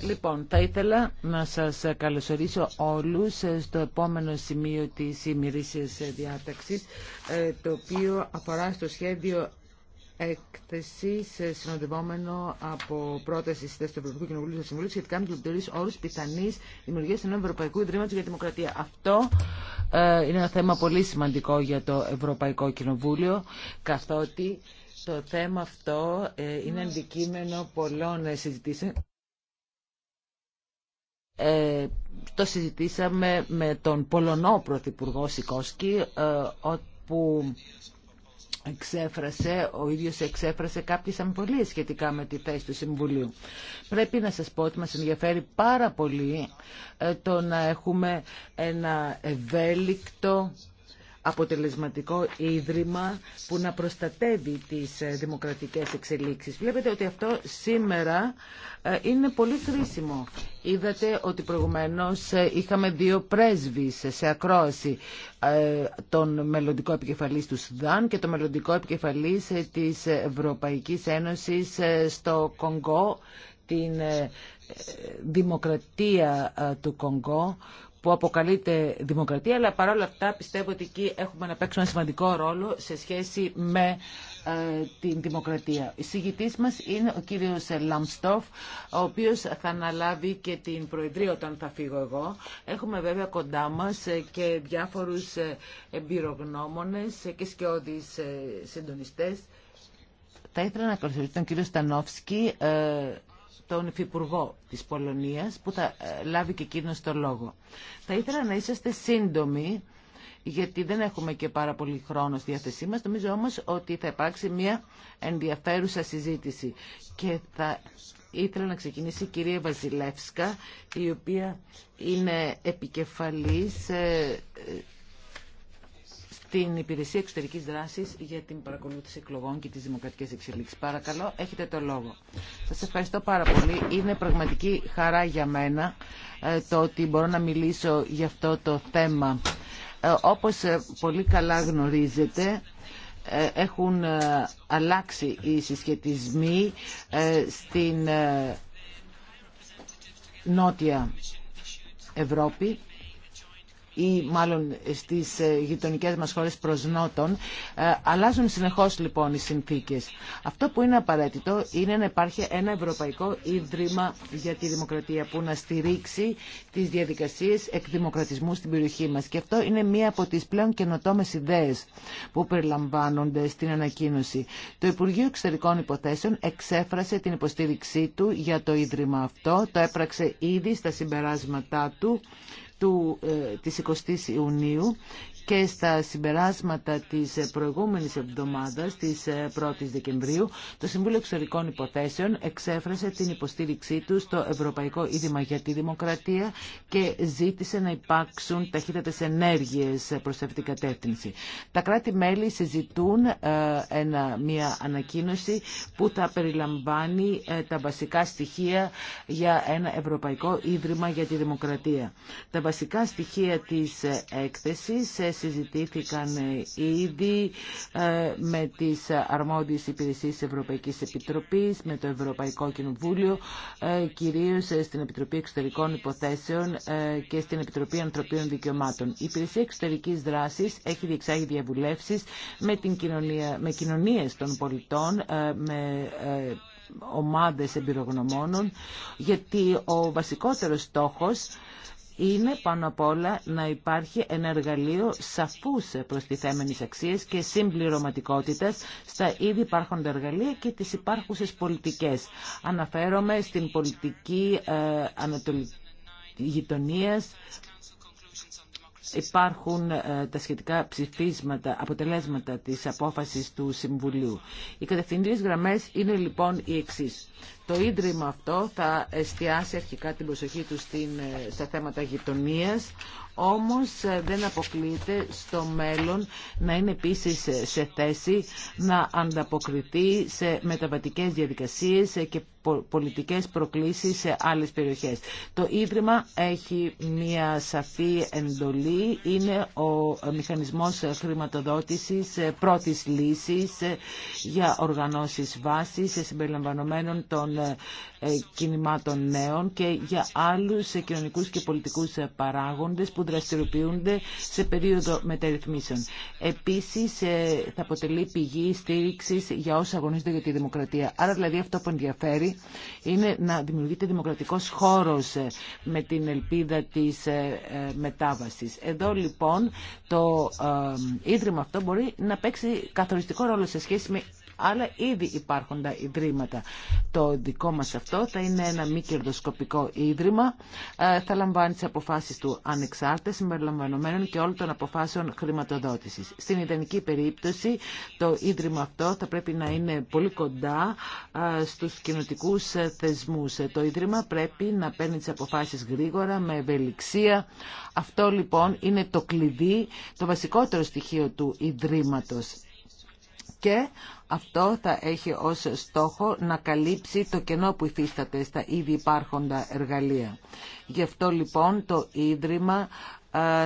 Λοιπόν, θα ήθελα να σας καλωσορίσω όλους στο επόμενο σημείο της ημερήσιας διάταξης, ε, το οποίο αφορά στο σχέδιο έκθεση ε, συνοδευόμενο από πρόταση τη θέση του Ευρωπαϊκού Κοινοβουλίου στο Συμβούλιο σχετικά με του όρου πιθανή δημιουργία ενό Ευρωπαϊκού Ιδρύματο για Δημοκρατία. Αυτό ε, είναι ένα θέμα πολύ σημαντικό για το Ευρωπαϊκό Κοινοβούλιο, καθότι το θέμα αυτό ε, είναι αντικείμενο πολλών ε, συζητήσεων. Ε, το συζητήσαμε με τον Πολωνό Πρωθυπουργό Σικόσκι, ε, που εξέφρασε, ο ίδιος εξέφρασε κάποιες αμφιβολίες σχετικά με τη θέση του Συμβουλίου. Πρέπει να σας πω ότι μας ενδιαφέρει πάρα πολύ το να έχουμε ένα ευέλικτο αποτελεσματικό ίδρυμα που να προστατεύει τις ε, δημοκρατικές εξελίξεις. Βλέπετε ότι αυτό σήμερα ε, είναι πολύ χρήσιμο. Είδατε ότι προηγουμένως ε, είχαμε δύο πρέσβεις σε ακρόαση τον μελλοντικό επικεφαλής του Σουδάν και τον μελλοντικό επικεφαλής της Ευρωπαϊκής Ένωσης στο Κονγκό την δημοκρατία του Κονγκό που αποκαλείται δημοκρατία, αλλά παρόλα αυτά πιστεύω ότι εκεί έχουμε να παίξουμε ένα σημαντικό ρόλο σε σχέση με ε, την δημοκρατία. Ο συγητής μας είναι ο κύριος Λαμστόφ, ο οποίος θα αναλάβει και την προεδρία όταν θα φύγω εγώ. Έχουμε βέβαια κοντά μας ε, και διάφορους ε, εμπειρογνώμονες και σκιώδεις συντονιστές. Θα ήθελα να καλωσορίσω τον κύριο Στανόφσκι, τον Υφυπουργό της Πολωνίας που θα ε, λάβει και εκείνο το λόγο. Θα ήθελα να είσαστε σύντομοι γιατί δεν έχουμε και πάρα πολύ χρόνο στη διάθεσή μας. Νομίζω όμως ότι θα υπάρξει μια ενδιαφέρουσα συζήτηση και θα ήθελα να ξεκινήσει η κυρία Βαζιλεύσκα η οποία είναι επικεφαλής ε, την Υπηρεσία Εξωτερικής Δράσης για την παρακολούθηση εκλογών και τις δημοκρατικές εξελίξεις. Παρακαλώ, έχετε το λόγο. Σα ευχαριστώ πάρα πολύ. Είναι πραγματική χαρά για μένα ε, το ότι μπορώ να μιλήσω για αυτό το θέμα. Ε, όπως ε, πολύ καλά γνωρίζετε, έχουν αλλάξει οι συσχετισμοί στην Νότια Ευρώπη ή μάλλον στις ε, γειτονικές μας χώρες προς νότον. Ε, αλλάζουν συνεχώς λοιπόν οι συνθήκες. Αυτό που είναι απαραίτητο είναι να υπάρχει ένα Ευρωπαϊκό Ίδρυμα για τη Δημοκρατία που να στηρίξει τις διαδικασίες εκδημοκρατισμού στην περιοχή μας. Και αυτό είναι μία από τις πλέον καινοτόμες ιδέες που περιλαμβάνονται στην ανακοίνωση. Το Υπουργείο Εξωτερικών Υποθέσεων εξέφρασε την υποστήριξή του για το Ίδρυμα αυτό. Το έπραξε ήδη στα συμπεράσματά του του, ε, της 20ης Ιουνίου και στα συμπεράσματα της προηγούμενης εβδομάδας, της 1 η Δεκεμβρίου, το Συμβούλιο Εξωτερικών Υποθέσεων εξέφρασε την υποστήριξή του στο Ευρωπαϊκό Ίδρυμα για τη Δημοκρατία και ζήτησε να υπάρξουν ταχύτατες ενέργειες προς αυτή την κατεύθυνση. Τα κράτη-μέλη συζητούν ε, ένα, μια ανακοίνωση που θα περιλαμβάνει ε, τα βασικά στοιχεία για ένα Ευρωπαϊκό Ίδρυμα για τη Δημοκρατία. Τα βασικά στοιχεία της ε, έκθεσης συζητήθηκαν ήδη ε, με τις αρμόδιες υπηρεσίες Ευρωπαϊκής Επιτροπής, με το Ευρωπαϊκό Κοινοβούλιο, ε, κυρίως ε, στην Επιτροπή Εξωτερικών Υποθέσεων και στην Επιτροπή Ανθρωπίνων Δικαιωμάτων. Η Υπηρεσία Εξωτερικής Δράσης έχει διεξάγει διαβουλεύσεις με, την με κοινωνίες των πολιτών, με ομάδες εμπειρογνωμόνων, γιατί ο βασικότερος στόχος είναι πάνω απ' όλα να υπάρχει ένα εργαλείο σαφούς προστιθέμενης αξίας και συμπληρωματικότητας στα ήδη υπάρχοντα εργαλεία και τις υπάρχουσες πολιτικές. Αναφέρομαι στην πολιτική ε, ανατολική υπάρχουν ε, τα σχετικά ψηφίσματα, αποτελέσματα της απόφασης του Συμβουλίου. Οι κατευθυντήριες γραμμές είναι λοιπόν οι εξής. Το Ίδρυμα αυτό θα εστιάσει αρχικά την προσοχή του στην, ε, στα θέματα γειτονίας, όμως ε, δεν αποκλείεται στο μέλλον να είναι επίσης ε, σε θέση να ανταποκριθεί σε μεταβατικές διαδικασίες και πολιτικές προκλήσεις σε άλλες περιοχές. Το Ίδρυμα έχει μια σαφή εντολή, είναι ο μηχανισμός χρηματοδότησης πρώτης λύσης για οργανώσεις βάσης συμπεριλαμβανομένων των ε, κινημάτων νέων και για άλλους κοινωνικούς και πολιτικούς παράγοντες που δραστηριοποιούνται σε περίοδο μεταρρυθμίσεων. Επίσης ε, θα αποτελεί πηγή στήριξης για όσους αγωνίζονται για τη δημοκρατία. Άρα δηλαδή αυτό που ενδιαφέρει είναι να δημιουργείται δημοκρατικός χώρος ε, με την ελπίδα της μετάβασης. Εδώ λοιπόν το Ίδρυμα αυτό μπορεί να παίξει καθοριστικό ρόλο σε σχέση με άλλα ήδη υπάρχοντα ιδρύματα. Το δικό μας αυτό θα είναι ένα μη κερδοσκοπικό ίδρυμα. Ε, θα λαμβάνει τις αποφάσεις του ανεξάρτητα, συμπεριλαμβανομένων και όλων των αποφάσεων χρηματοδότησης. Στην ιδανική περίπτωση το ίδρυμα αυτό θα πρέπει να είναι πολύ κοντά ε, στους κοινοτικού ε, θεσμούς. Το ίδρυμα πρέπει να παίρνει τις αποφάσεις γρήγορα, με ευελιξία. Αυτό λοιπόν είναι το κλειδί, το βασικότερο στοιχείο του Ιδρύματος και αυτό θα έχει ως στόχο να καλύψει το κενό που υφίσταται στα ήδη υπάρχοντα εργαλεία. Γι' αυτό λοιπόν το Ίδρυμα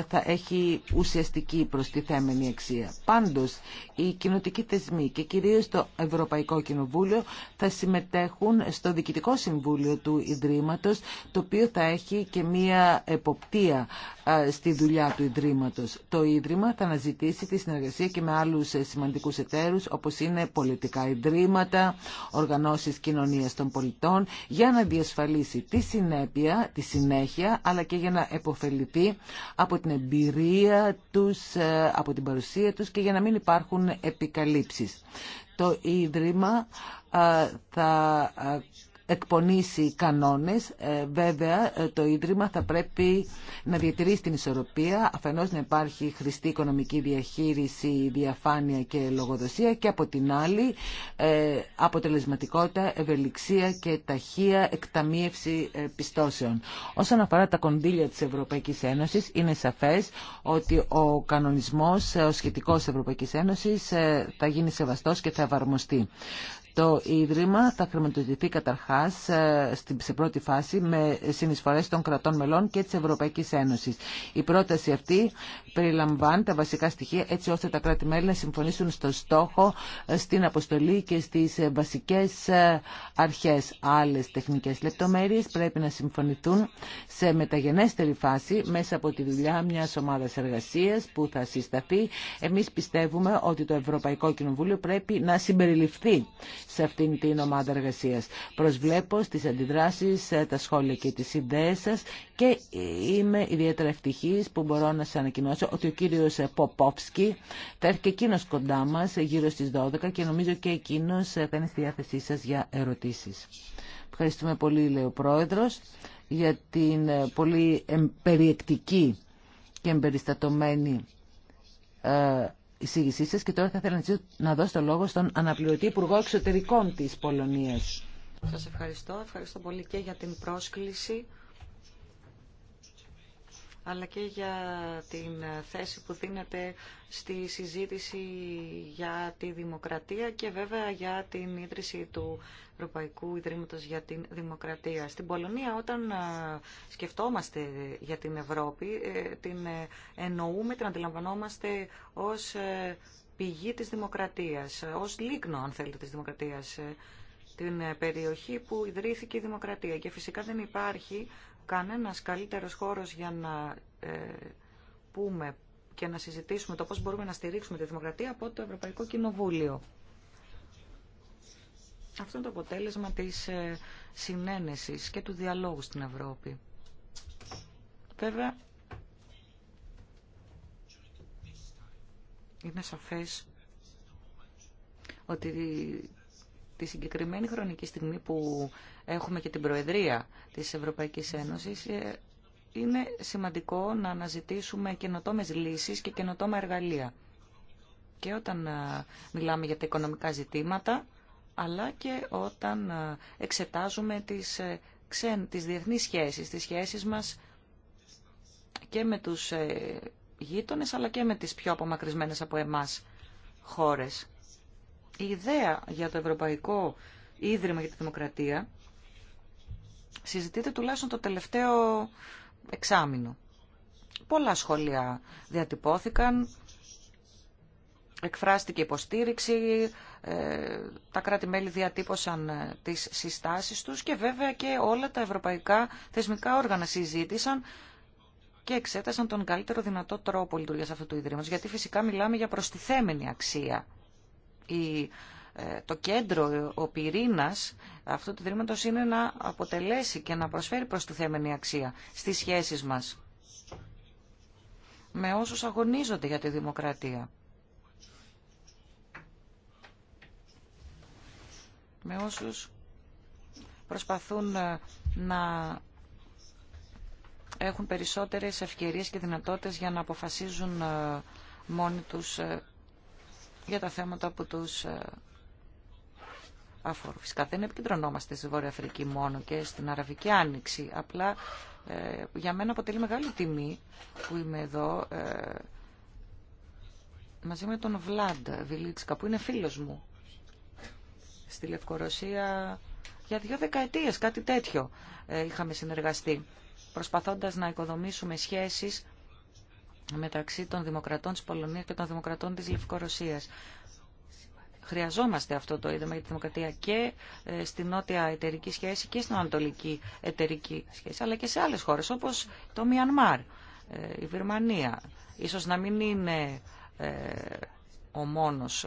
θα έχει ουσιαστική προστιθέμενη αξία. Πάντως, οι κοινοτικοί θεσμοί και κυρίως το Ευρωπαϊκό Κοινοβούλιο θα συμμετέχουν στο Διοικητικό Συμβούλιο του Ιδρύματος, το οποίο θα έχει και μία εποπτεία στη δουλειά του Ιδρύματος. Το Ίδρυμα θα αναζητήσει τη συνεργασία και με άλλους ε, σημαντικούς εταίρους όπως είναι πολιτικά ιδρύματα, οργανώσεις κοινωνίας των πολιτών για να διασφαλίσει τη συνέπεια, τη συνέχεια αλλά και για να επωφεληθεί από την εμπειρία τους, ε, από την παρουσία τους και για να μην υπάρχουν επικαλύψεις. Το Ίδρυμα θα εκπονήσει κανόνες. Ε, βέβαια, ε, το Ίδρυμα θα πρέπει να διατηρήσει την ισορροπία, αφενός να υπάρχει χρηστή οικονομική διαχείριση, διαφάνεια και λογοδοσία και από την άλλη ε, αποτελεσματικότητα, ευελιξία και ταχεία εκταμίευση πιστώσεων. Όσον αφορά τα κονδύλια της Ευρωπαϊκής Ένωσης, είναι σαφές ότι ο κανονισμός, ο σχετικός της Ευρωπαϊκής Ένωσης θα γίνει σεβαστός και θα εφαρμοστεί. Το Ίδρυμα θα χρηματοδοτηθεί καταρχάς ε, σε πρώτη φάση με συνεισφορές των κρατών μελών και της Ευρωπαϊκής Ένωσης. Η πρόταση αυτή περιλαμβάνει τα βασικά στοιχεία έτσι ώστε τα κράτη-μέλη να συμφωνήσουν στο στόχο, ε, στην αποστολή και στις ε, βασικές αρχές. Άλλες τεχνικές λεπτομέρειες πρέπει να συμφωνηθούν σε μεταγενέστερη φάση μέσα από τη δουλειά μιας ομάδας εργασίας που θα συσταθεί. Εμείς πιστεύουμε ότι το Ευρωπαϊκό Κοινοβούλιο πρέπει να συμπεριληφθεί σε αυτήν την ομάδα εργασία. Προσβλέπω στι αντιδράσει, ε, τα σχόλια και τι ιδέε σα και είμαι ιδιαίτερα ευτυχή που μπορώ να σα ανακοινώσω ότι ο κύριο ε, Ποπόφσκι θα έρθει και εκείνο κοντά μα ε, γύρω στι 12 και νομίζω και εκείνο θα είναι στη διάθεσή σα για ερωτήσει. Ευχαριστούμε πολύ, λέει ο πρόεδρο, για την πολύ περιεκτική και εμπεριστατωμένη εισήγησή σα και τώρα θα ήθελα να δώσω το λόγο στον αναπληρωτή Υπουργό Εξωτερικών τη Πολωνία. Σα ευχαριστώ. Ευχαριστώ πολύ και για την πρόσκληση αλλά και για την θέση που δίνεται στη συζήτηση για τη δημοκρατία και βέβαια για την ίδρυση του Ευρωπαϊκού Ιδρύματος για την Δημοκρατία. Στην Πολωνία όταν ε, σκεφτόμαστε για την Ευρώπη, ε, την ε, εννοούμε, την αντιλαμβανόμαστε ως πηγή της δημοκρατίας, ως λίκνο αν θέλετε της δημοκρατίας την περιοχή που ιδρύθηκε η δημοκρατία. Και φυσικά δεν υπάρχει κανένας καλύτερος χώρος για να ε, πούμε και να συζητήσουμε το πώς μπορούμε να στηρίξουμε τη δημοκρατία από το Ευρωπαϊκό Κοινοβούλιο. Αυτό είναι το αποτέλεσμα της ε, συνένεσης και του διαλόγου στην Ευρώπη. Βέβαια, είναι σαφές ότι τη συγκεκριμένη χρονική στιγμή που έχουμε και την Προεδρία της Ευρωπαϊκής Ένωσης ε, είναι σημαντικό να αναζητήσουμε καινοτόμες λύσεις και καινοτόμα εργαλεία. Και όταν ε, μιλάμε για τα οικονομικά ζητήματα, αλλά και όταν ε, εξετάζουμε τις, ξεν, τις διεθνείς σχέσεις, τις σχέσεις μας και με τους γείτονες, αλλά και με τις πιο απομακρυσμένες από εμάς χώρες η ιδέα για το Ευρωπαϊκό Ίδρυμα για τη Δημοκρατία συζητείται τουλάχιστον το τελευταίο εξάμεινο. Πολλά σχόλια διατυπώθηκαν, εκφράστηκε υποστήριξη, ε, τα κράτη-μέλη διατύπωσαν ε, τις συστάσεις τους και βέβαια και όλα τα ευρωπαϊκά θεσμικά όργανα συζήτησαν και εξέτασαν τον καλύτερο δυνατό τρόπο λειτουργίας αυτού του Ιδρύματος, γιατί φυσικά μιλάμε για προστιθέμενη αξία η, ε, το κέντρο, ο πυρήνα αυτού του το είναι να αποτελέσει και να προσφέρει προστιθέμενη αξία στις σχέσεις μας με όσους αγωνίζονται για τη δημοκρατία. Με όσους προσπαθούν ε, να έχουν περισσότερες ευκαιρίες και δυνατότητες για να αποφασίζουν ε, μόνοι τους για τα θέματα που τους ε, αφορούν. Φυσικά δεν επικεντρωνόμαστε στη Βόρεια Αφρική μόνο και στην Αραβική Άνοιξη. Απλά ε, για μένα αποτελεί μεγάλη τιμή που είμαι εδώ ε, μαζί με τον Βλάντ Βιλίτσκα που είναι φίλος μου στη Λευκορωσία για δύο δεκαετίες, κάτι τέτοιο ε, είχαμε συνεργαστεί προσπαθώντας να οικοδομήσουμε σχέσεις μεταξύ των δημοκρατών της Πολωνίας και των δημοκρατών της Λευκορωσίας. Χρειαζόμαστε αυτό το είδημα για τη δημοκρατία και ε, στην νότια εταιρική σχέση και στην ανατολική εταιρική σχέση, αλλά και σε άλλες χώρες όπως το Μιανμάρ, ε, η Βυρμανία. Ίσως να μην είναι ε, ο μόνος,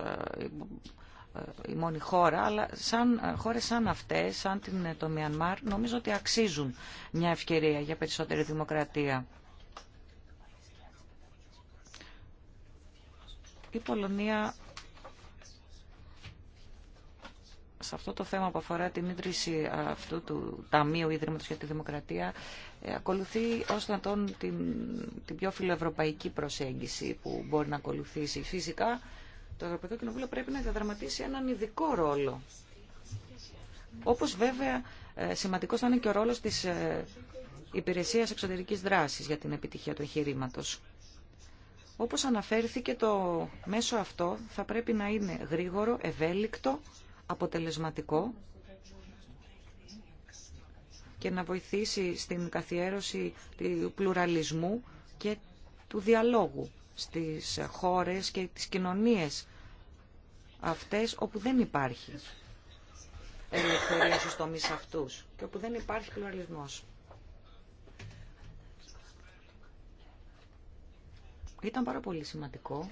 η μόνη χώρα, αλλά σαν, χώρες σαν αυτές, σαν την, το Μιανμάρ, νομίζω ότι αξίζουν μια ευκαιρία για περισσότερη δημοκρατία. Η Πολωνία σε αυτό το θέμα που αφορά την ίδρυση αυτού του Ταμείου Ιδρύματος για τη Δημοκρατία ε, ακολουθεί ως να τον την, την πιο φιλοευρωπαϊκή προσέγγιση που μπορεί να ακολουθήσει. Φυσικά το Ευρωπαϊκό Κοινοβούλιο πρέπει να διαδραματίσει έναν ειδικό ρόλο. Όπως βέβαια ε, σημαντικός θα είναι και ο ρόλος της ε, υπηρεσίας εξωτερικής δράσης για την επιτυχία του εγχειρήματο. Όπως αναφέρθηκε το μέσο αυτό θα πρέπει να είναι γρήγορο, ευέλικτο, αποτελεσματικό και να βοηθήσει στην καθιέρωση του πλουραλισμού και του διαλόγου στις χώρες και τις κοινωνίες αυτές όπου δεν υπάρχει ελευθερία στους τομείς αυτούς και όπου δεν υπάρχει πλουραλισμός. Ήταν πάρα πολύ σημαντικό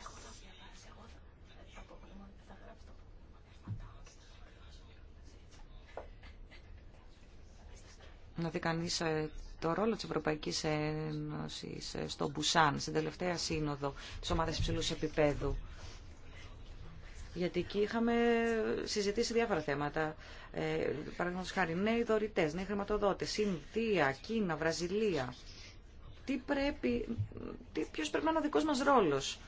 να δει κανεί ε, το ρόλο της Ευρωπαϊκής Ένωσης ε, στο Μπουσάν, στην τελευταία σύνοδο της ομάδας υψηλού επίπεδου. Γιατί εκεί είχαμε συζητήσει διάφορα θέματα. Ε, Παραδείγματο χάρη, νέοι δωρητέ, νέοι χρηματοδότε, Ινδία, Κίνα, Βραζιλία τι πρέπει, τι, ποιος πρέπει να είναι ο δικός μας ρόλος.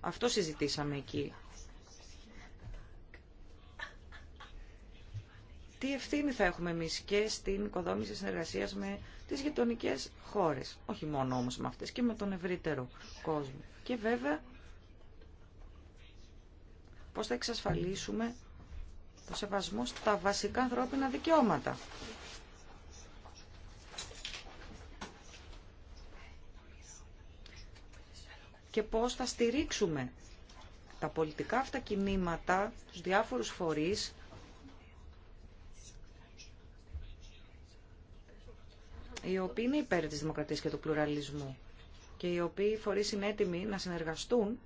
Αυτό συζητήσαμε εκεί. Τι ευθύνη θα έχουμε εμείς και στην οικοδόμηση συνεργασίας με τις γειτονικέ χώρες. Όχι μόνο όμως με αυτές και με τον ευρύτερο κόσμο. Και βέβαια πώς θα εξασφαλίσουμε το σεβασμό στα βασικά ανθρώπινα δικαιώματα. και πώς θα στηρίξουμε τα πολιτικά αυτά κινήματα στους διάφορους φορείς οι οποίοι είναι υπέρ της δημοκρατίας και του πλουραλισμού και οι οποίοι φορείς είναι έτοιμοι να συνεργαστούν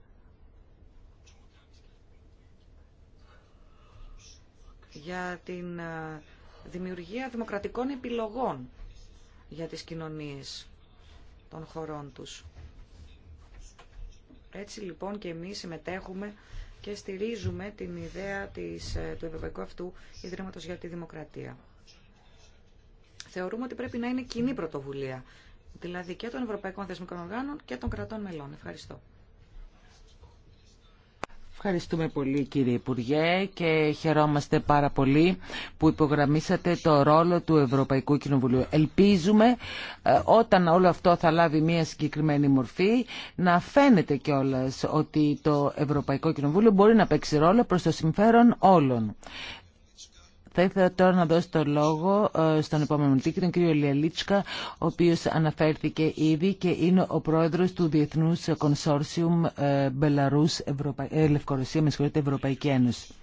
για την ε, δημιουργία δημοκρατικών επιλογών για τις κοινωνίες των χωρών τους. Έτσι λοιπόν και εμείς συμμετέχουμε και στηρίζουμε την ιδέα της, ε, του Ευρωπαϊκού αυτού Ιδρύματος για τη Δημοκρατία. Θεωρούμε ότι πρέπει να είναι κοινή πρωτοβουλία, δηλαδή και των Ευρωπαϊκών Θεσμικών Οργάνων και των κρατών μελών. Ευχαριστώ. Ευχαριστούμε πολύ κύριε Υπουργέ και χαιρόμαστε πάρα πολύ που υπογραμμίσατε το ρόλο του Ευρωπαϊκού Κοινοβουλίου. Ελπίζουμε ε, όταν όλο αυτό θα λάβει μια συγκεκριμένη μορφή να φαίνεται κιόλα ότι το Ευρωπαϊκό Κοινοβούλιο μπορεί να παίξει ρόλο προς το συμφέρον όλων. Θα ήθελα τώρα να δώσω το λόγο ε, στον επόμενο τίκη, τον κύριο Λιαλίτσκα, ο οποίος αναφέρθηκε ήδη και είναι ο πρόεδρος του Διεθνούς Κονσόρσιουμ ε, Μπελαρούς ε, Λευκορωσία, Ευρωπαϊκή Ένωση.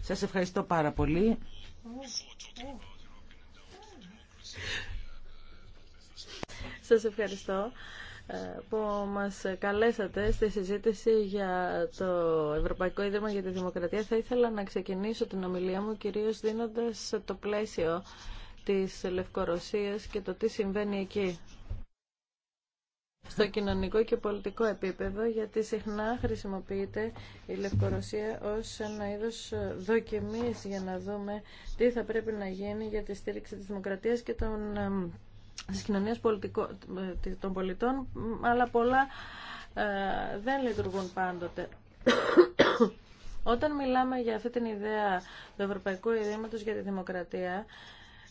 Σας ευχαριστώ πάρα πολύ. Σας ευχαριστώ που μας καλέσατε στη συζήτηση για το Ευρωπαϊκό Ίδρυμα για τη Δημοκρατία. Θα ήθελα να ξεκινήσω την ομιλία μου κυρίως δίνοντας το πλαίσιο της Λευκορωσίας και το τι συμβαίνει εκεί στο κοινωνικό και πολιτικό επίπεδο, γιατί συχνά χρησιμοποιείται η Λευκορωσία ως ένα είδος δοκιμής για να δούμε τι θα πρέπει να γίνει για τη στήριξη της δημοκρατίας και των στις κοινωνίες των πολιτών, αλλά πολλά ε, δεν λειτουργούν πάντοτε. Όταν μιλάμε για αυτή την ιδέα του Ευρωπαϊκού Ιδρύματος για τη Δημοκρατία,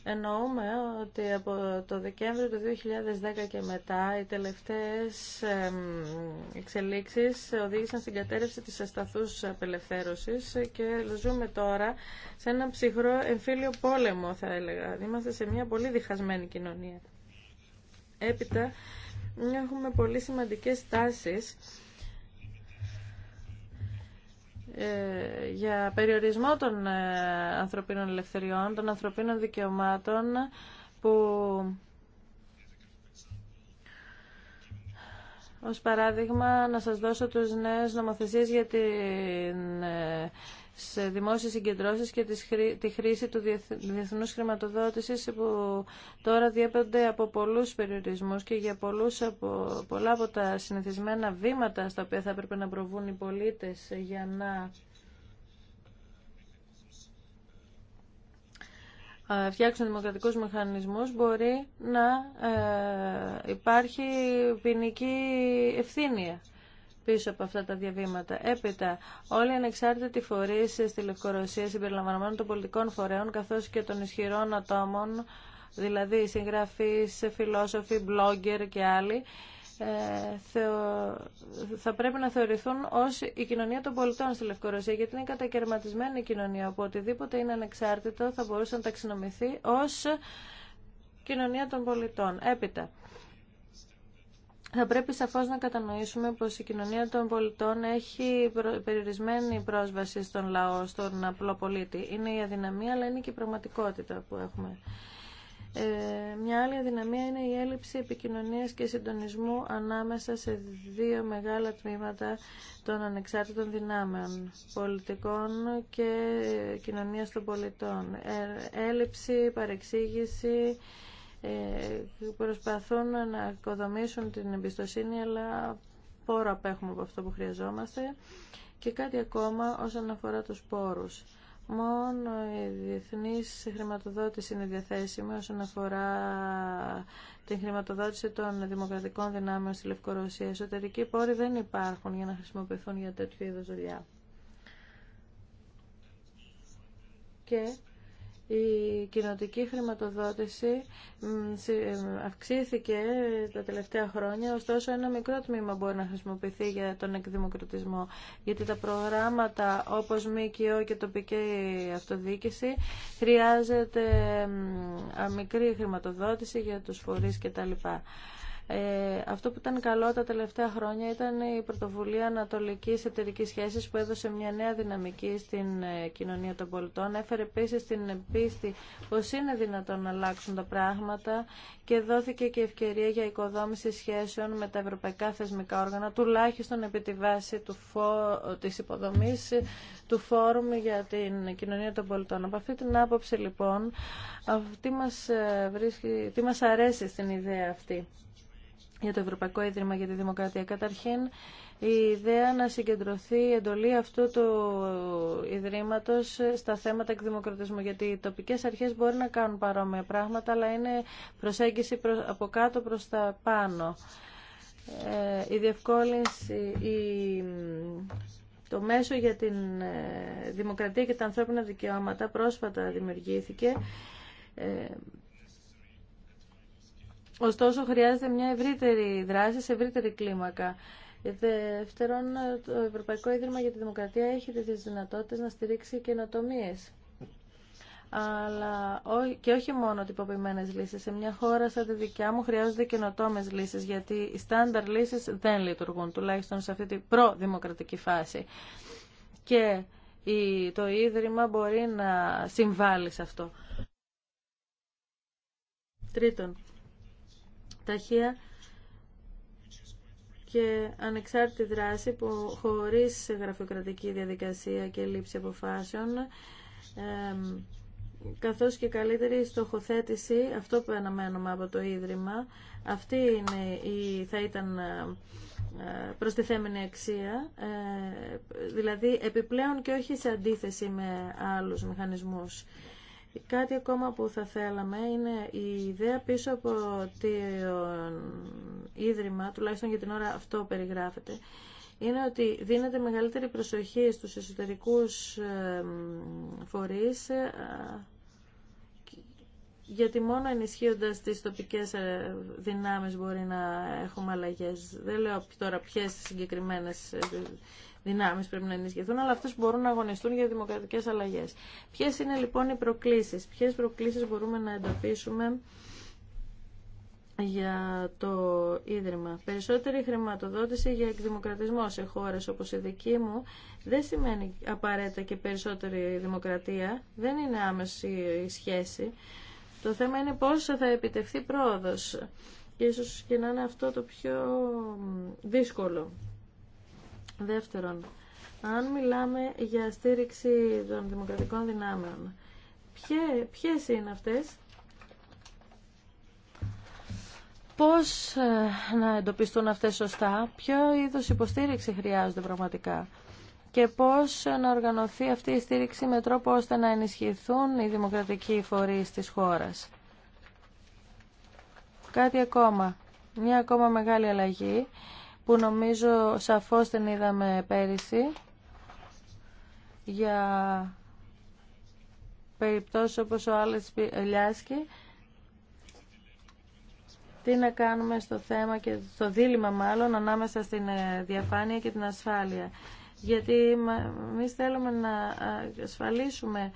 εννοούμε ότι από το Δεκέμβριο του 2010 και μετά οι τελευταίες εξελίξεις οδήγησαν στην κατέρευση της ασταθούς απελευθέρωσης και ζούμε τώρα σε ένα ψυχρό εμφύλιο πόλεμο θα έλεγα. Είμαστε σε μια πολύ διχασμένη κοινωνία. Έπειτα έχουμε πολύ σημαντικές τάσεις ε, για περιορισμό των ε, ανθρωπίνων ελευθεριών, των ανθρωπίνων δικαιωμάτων που ως παράδειγμα να σας δώσω τους νέες νομοθεσίες για την ε, σε δημόσιες συγκεντρώσεις και τη χρήση του διεθνούς χρηματοδότησης που τώρα διέπονται από πολλούς περιορισμούς και για πολλούς από, πολλά από τα συνηθισμένα βήματα στα οποία θα έπρεπε να προβούν οι πολίτες για να ε, φτιάξουν δημοκρατικούς μηχανισμούς μπορεί να ε, υπάρχει ποινική ευθύνη πίσω από αυτά τα διαβήματα. Έπειτα, όλοι οι ανεξάρτητοι φορεί στη Λευκορωσία συμπεριλαμβανομένων των πολιτικών φορέων καθώ και των ισχυρών ατόμων, δηλαδή συγγραφείς, φιλόσοφοι, μπλόγγερ και άλλοι, ε, θα πρέπει να θεωρηθούν ως η κοινωνία των πολιτών στη Λευκορωσία γιατί είναι κατακαιρματισμένη η κοινωνία οπότε οτιδήποτε είναι ανεξάρτητο θα μπορούσε να ταξινομηθεί ως κοινωνία των πολιτών. Έπειτα, θα πρέπει σαφώς να κατανοήσουμε πως η κοινωνία των πολιτών έχει περιορισμένη πρόσβαση στον λαό, στον απλό πολίτη. Είναι η αδυναμία, αλλά είναι και η πραγματικότητα που έχουμε. Ε, μια άλλη αδυναμία είναι η έλλειψη επικοινωνίας και συντονισμού ανάμεσα σε δύο μεγάλα τμήματα των ανεξάρτητων δυνάμεων, πολιτικών και κοινωνίας των πολιτών. Ε, έλλειψη, παρεξήγηση, ε, προσπαθούν να οικοδομήσουν την εμπιστοσύνη, αλλά πόρο απέχουμε από αυτό που χρειαζόμαστε. Και κάτι ακόμα όσον αφορά τους πόρους. Μόνο η διεθνή χρηματοδότηση είναι διαθέσιμη όσον αφορά την χρηματοδότηση των δημοκρατικών δυνάμεων στη Λευκορωσία. Εσωτερικοί πόροι δεν υπάρχουν για να χρησιμοποιηθούν για τέτοιου είδους δουλειά. Και η κοινοτική χρηματοδότηση ε, αυξήθηκε τα τελευταία χρόνια, ωστόσο ένα μικρό τμήμα μπορεί να χρησιμοποιηθεί για τον εκδημοκρατισμό, γιατί τα προγράμματα όπως ΜΚΟ και τοπική αυτοδίκηση χρειάζεται μικρή χρηματοδότηση για τους φορείς κτλ. Ε, αυτό που ήταν καλό τα τελευταία χρόνια ήταν η πρωτοβουλία Ανατολική Εταιρική Σχέση που έδωσε μια νέα δυναμική στην ε, κοινωνία των πολιτών. Έφερε επίση την πίστη πω είναι δυνατόν να αλλάξουν τα πράγματα και δόθηκε και ευκαιρία για οικοδόμηση σχέσεων με τα ευρωπαϊκά θεσμικά όργανα, τουλάχιστον επί τη βάση του φο... της υποδομής του Φόρουμ για την Κοινωνία των Πολιτών. Από αυτή την άποψη, λοιπόν, τι μας, ε, βρίσκει... τι μας αρέσει στην ιδέα αυτή για το Ευρωπαϊκό Ίδρυμα για τη Δημοκρατία. Καταρχήν, η ιδέα να συγκεντρωθεί η εντολή αυτού του Ιδρύματος στα θέματα εκδημοκρατισμού, γιατί οι τοπικές αρχές μπορεί να κάνουν παρόμοια πράγματα, αλλά είναι προσέγγιση από κάτω προς τα πάνω. Ε, η διευκόλυνση, το μέσο για την ε, δημοκρατία και τα ανθρώπινα δικαιώματα πρόσφατα δημιουργήθηκε ε, Ωστόσο, χρειάζεται μια ευρύτερη δράση σε ευρύτερη κλίμακα. Δεύτερον, το Ευρωπαϊκό Ίδρυμα για τη Δημοκρατία έχει τις δυνατότητες να στηρίξει καινοτομίε. Αλλά και όχι μόνο τυποποιημένες λύσεις. Σε μια χώρα σαν τη δικιά μου χρειάζονται καινοτόμες λύσεις, γιατί οι στάνταρ λύσεις δεν λειτουργούν, τουλάχιστον σε αυτή την προδημοκρατική φάση. Και το Ίδρυμα μπορεί να συμβάλλει σε αυτό. Τρίτον, ταχεία και ανεξάρτητη δράση που χωρίς γραφειοκρατική διαδικασία και λήψη αποφάσεων καθώς και καλύτερη στοχοθέτηση, αυτό που αναμένουμε από το Ίδρυμα, αυτή είναι η, θα ήταν ε, προστιθέμενη αξία, ε, δηλαδή επιπλέον και όχι σε αντίθεση με άλλους μηχανισμούς. Κάτι ακόμα που θα θέλαμε είναι η ιδέα πίσω από το Ίδρυμα, τουλάχιστον για την ώρα αυτό περιγράφεται, είναι ότι δίνεται μεγαλύτερη προσοχή στους εσωτερικούς φορείς ε, γιατί μόνο ενισχύοντας τις τοπικές ε, δυνάμεις μπορεί να έχουμε αλλαγές. Δεν λέω τώρα ποιες συγκεκριμένες ε, δυνάμεις πρέπει να ενισχυθούν, αλλά αυτέ μπορούν να αγωνιστούν για δημοκρατικές αλλαγές. Ποιε είναι λοιπόν οι προκλήσεις, Ποιε προκλήσεις μπορούμε να εντοπίσουμε για το Ίδρυμα. Περισσότερη χρηματοδότηση για εκδημοκρατισμό σε χώρες όπως η δική μου δεν σημαίνει απαραίτητα και περισσότερη δημοκρατία, δεν είναι άμεση η σχέση. Το θέμα είναι πώς θα επιτευχθεί πρόοδος και ίσως και να είναι αυτό το πιο δύσκολο. Δεύτερον, αν μιλάμε για στήριξη των δημοκρατικών δυνάμεων, ποιες είναι αυτές πώς ε, να εντοπιστούν αυτές σωστά, ποιο είδος υποστήριξη χρειάζονται πραγματικά και πώς να οργανωθεί αυτή η στήριξη με τρόπο ώστε να ενισχυθούν οι δημοκρατικοί φορείς της χώρας. Κάτι ακόμα, μια ακόμα μεγάλη αλλαγή που νομίζω σαφώς την είδαμε πέρυσι για περιπτώσεις όπως ο άλλος Λιάσκη τι να κάνουμε στο θέμα και στο δίλημα μάλλον ανάμεσα στην ε, διαφάνεια και την ασφάλεια. Γιατί εμεί θέλουμε να ασφαλίσουμε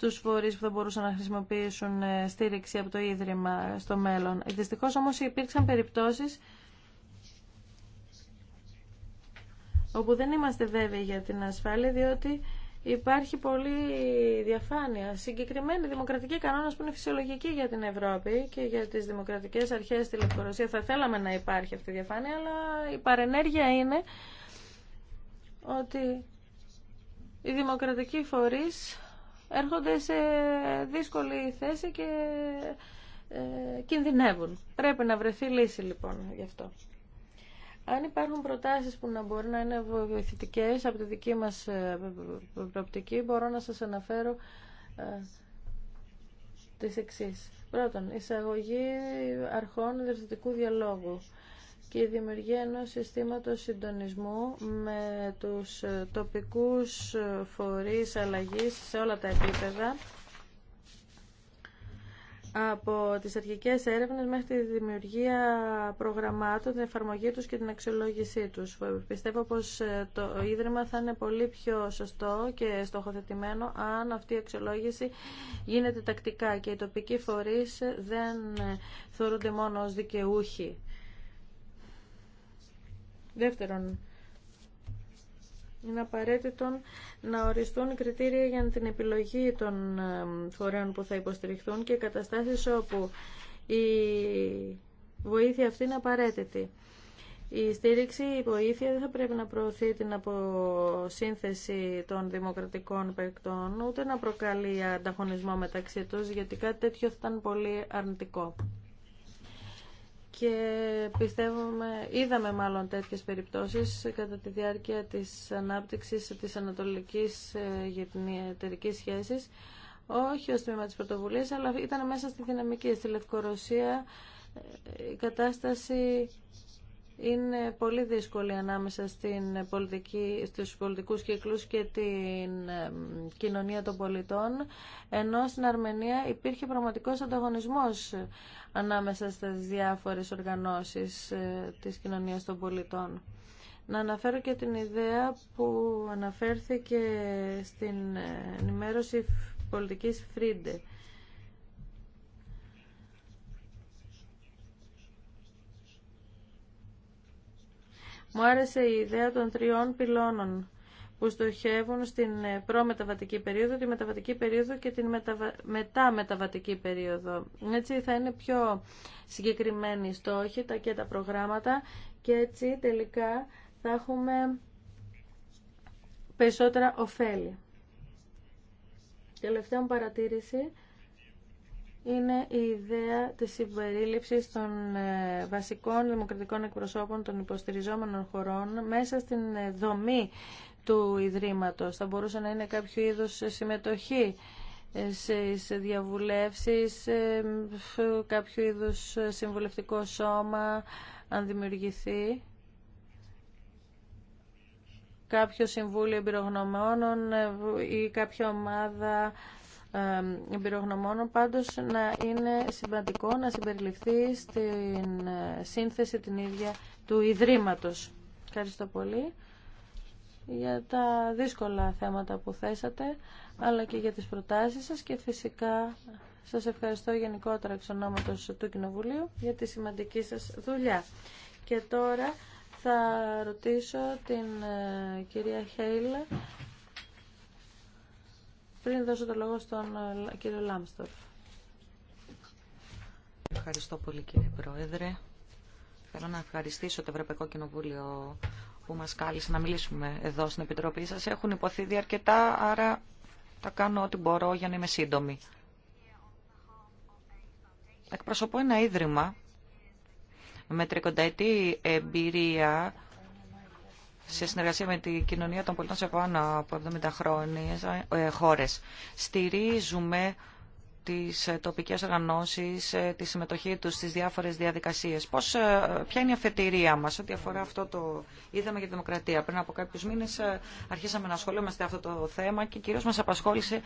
τους φορείς που θα μπορούσαν να χρησιμοποιήσουν ε, στήριξη από το Ίδρυμα στο μέλλον. Δυστυχώ όμως υπήρξαν περιπτώσεις όπου δεν είμαστε βέβαιοι για την ασφάλεια διότι υπάρχει πολύ διαφάνεια. Συγκεκριμένη δημοκρατική κανόνας που είναι φυσιολογική για την Ευρώπη και για τις δημοκρατικές αρχέ στη Λευκορωσία θα θέλαμε να υπάρχει αυτή η διαφάνεια αλλά η παρενέργεια είναι ότι οι δημοκρατικοί φορείς έρχονται σε δύσκολη θέση και ε, κινδυνεύουν. Πρέπει να βρεθεί λύση λοιπόν γι' αυτό. Αν υπάρχουν προτάσεις που να μπορούν να είναι βοηθητικές από τη δική μας προοπτική, ε, μπορώ να σας αναφέρω ε, τις εξής. Πρώτον, εισαγωγή αρχών διευθυντικού διαλόγου η δημιουργία ενός συστήματος συντονισμού με τους τοπικούς φορείς αλλαγής σε όλα τα επίπεδα από τις αρχικές έρευνες μέχρι τη δημιουργία προγραμμάτων, την εφαρμογή τους και την αξιολόγησή τους. Πιστεύω πως ε, το Ίδρυμα θα είναι πολύ πιο σωστό και στοχοθετημένο αν αυτή η αξιολόγηση γίνεται τακτικά και οι τοπικοί φορείς δεν ε, θεωρούνται μόνο ως δικαιούχοι Δεύτερον, είναι απαραίτητο να οριστούν κριτήρια για την επιλογή των ε, φορέων που θα υποστηριχθούν και καταστάσεις όπου η βοήθεια αυτή είναι απαραίτητη. Η στήριξη, η βοήθεια δεν θα πρέπει να προωθεί την αποσύνθεση των δημοκρατικών παικτών, ούτε να προκαλεί ανταγωνισμό μεταξύ τους, γιατί κάτι τέτοιο θα ήταν πολύ αρνητικό και πιστεύουμε, είδαμε μάλλον τέτοιες περιπτώσεις κατά τη διάρκεια της ανάπτυξης της ανατολικής ε, εταιρική σχέσης, όχι ως τμήμα της πρωτοβουλίας, αλλά ήταν μέσα στη δυναμική. Στη Λευκορωσία ε, η κατάσταση είναι πολύ δύσκολη ανάμεσα στην πολιτική, στους πολιτικούς κύκλους και την κοινωνία των πολιτών, ενώ στην Αρμενία υπήρχε πραγματικός ανταγωνισμός ανάμεσα στις διάφορες οργανώσεις ε, της κοινωνίας των πολιτών. Να αναφέρω και την ιδέα που αναφέρθηκε στην ε, ενημέρωση πολιτικής Φρίντε Μου άρεσε η ιδέα των τριών πυλώνων που στοχεύουν στην ε, προμεταβατική περίοδο, τη μεταβατική περίοδο και την μεταμεταβατική περίοδο. Έτσι θα είναι πιο συγκεκριμένοι οι στόχοι τα και τα προγράμματα και έτσι τελικά θα έχουμε περισσότερα ωφέλη. Τελευταία μου παρατήρηση είναι η ιδέα της συμπερίληψης των ε, βασικών δημοκρατικών εκπροσώπων των υποστηριζόμενων χωρών μέσα στην ε, δομή του Ιδρύματος. Θα μπορούσε να είναι κάποιο είδος συμμετοχή ε, σε διαβουλεύσεις, κάποιο είδους συμβουλευτικό σώμα αν δημιουργηθεί κάποιο συμβούλιο εμπειρογνωμόνων ή κάποια ομάδα εμπειρογνωμόνων πάντως να είναι σημαντικό να συμπεριληφθεί στην ε, σύνθεση την ίδια του Ιδρύματος. Ευχαριστώ πολύ για τα δύσκολα θέματα που θέσατε αλλά και για τις προτάσεις σας και φυσικά σας ευχαριστώ γενικότερα εξ ονόματος του Κοινοβουλίου για τη σημαντική σας δουλειά. Και τώρα θα ρωτήσω την ε, κυρία Χέιλ πριν δώσω το λόγο στον ε, κύριο Λάμστορφ. Ευχαριστώ πολύ κύριε Πρόεδρε. Θέλω να ευχαριστήσω το Ευρωπαϊκό Κοινοβούλιο που μας κάλεσε να μιλήσουμε εδώ στην Επιτροπή σας. Έχουν υποθεί αρκετά, άρα θα κάνω ό,τι μπορώ για να είμαι σύντομη. Εκπροσωπώ ένα ίδρυμα με τρικονταετή εμπειρία σε συνεργασία με την κοινωνία των πολιτών σε πάνω από 70 χρόνια ε, χώρες. Στηρίζουμε τις ε, τοπικές οργανώσεις, ε, τη συμμετοχή τους στις διάφορες διαδικασίες. Πώς, ποια είναι η αφετηρία μας ό,τι αφορά αυτό το είδαμε για τη δημοκρατία. Πριν από κάποιους μήνες αρχίσαμε να ασχολούμαστε αυτό το θέμα και κυρίως μας απασχόλησε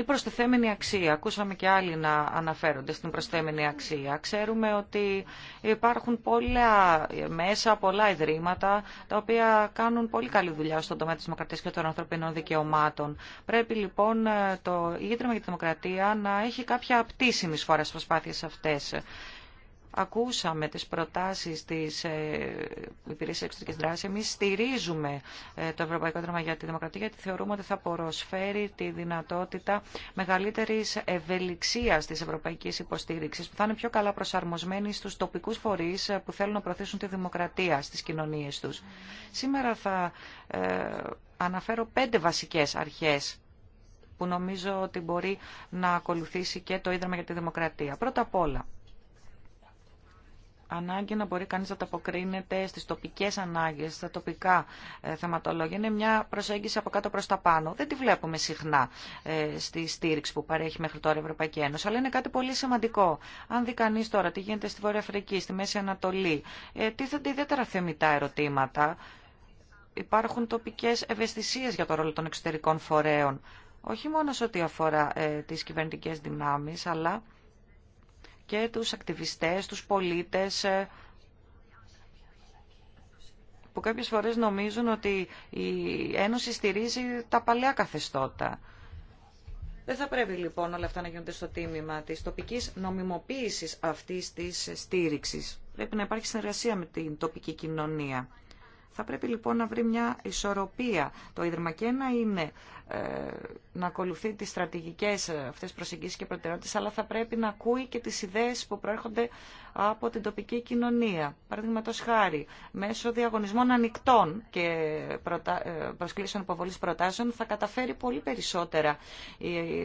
η προστιθέμενη αξία. Ακούσαμε και άλλοι να αναφέρονται στην προστιθέμενη αξία. Ξέρουμε ότι υπάρχουν πολλά μέσα, πολλά ιδρύματα, τα οποία κάνουν πολύ καλή δουλειά στον τομέα της δημοκρατίας και των ανθρωπινών δικαιωμάτων. Πρέπει λοιπόν το Ίδρυμα για τη Δημοκρατία να έχει κάποια απτήσιμη συνεισφορά στις προσπάθειες αυτές. Ακούσαμε τις προτάσεις της ε, Υπηρεσίας Εξωτερικής Δράσης. Εμείς στηρίζουμε ε, το Ευρωπαϊκό Δρόμο για τη Δημοκρατία γιατί θεωρούμε ότι θα προσφέρει τη δυνατότητα μεγαλύτερης ευελιξίας της ευρωπαϊκής υποστήριξης που θα είναι πιο καλά προσαρμοσμένη στους τοπικούς φορείς ε, που θέλουν να προωθήσουν τη δημοκρατία στις κοινωνίες τους. Σήμερα θα αναφέρω πέντε βασικές αρχές που νομίζω ότι μπορεί να ακολουθήσει και το Ίδρυμα για τη Δημοκρατία. Πρώτα απ' όλα, ανάγκη να μπορεί κανείς να αποκρίνεται στις τοπικές ανάγκες, στα τοπικά ε, θεματολόγια. Είναι μια προσέγγιση από κάτω προς τα πάνω. Δεν τη βλέπουμε συχνά ε, στη στήριξη που παρέχει μέχρι τώρα η Ευρωπαϊκή Ένωση, αλλά είναι κάτι πολύ σημαντικό. Αν δει κανεί τώρα τι γίνεται στη Βόρεια Αφρική, στη Μέση Ανατολή, ε, τίθενται ιδιαίτερα θεμητά ερωτήματα. Υπάρχουν τοπικές ευαισθησίες για το ρόλο των εξωτερικών φορέων. Όχι μόνο σε ό,τι αφορά ε, τις κυβερνητικές δυνάμεις, αλλά και τους ακτιβιστές, τους πολίτες ε, που κάποιες φορές νομίζουν ότι η Ένωση στηρίζει τα παλιά καθεστώτα. Δεν θα πρέπει λοιπόν όλα αυτά να γίνονται στο τίμημα της τοπικής νομιμοποίησης αυτής της στήριξης. Πρέπει να υπάρχει συνεργασία με την τοπική κοινωνία. Θα πρέπει λοιπόν να βρει μια ισορροπία το Ίδρυμα και να είναι ε, να ακολουθεί τις στρατηγικές ε, αυτές προσεγγίσεις και προτεραιότητες, αλλά θα πρέπει να ακούει και τις ιδέες που προέρχονται από την τοπική κοινωνία. Παραδείγματο χάρη, μέσω διαγωνισμών ανοιχτών και ε, προσκλήσεων υποβολή προτάσεων θα καταφέρει πολύ περισσότερα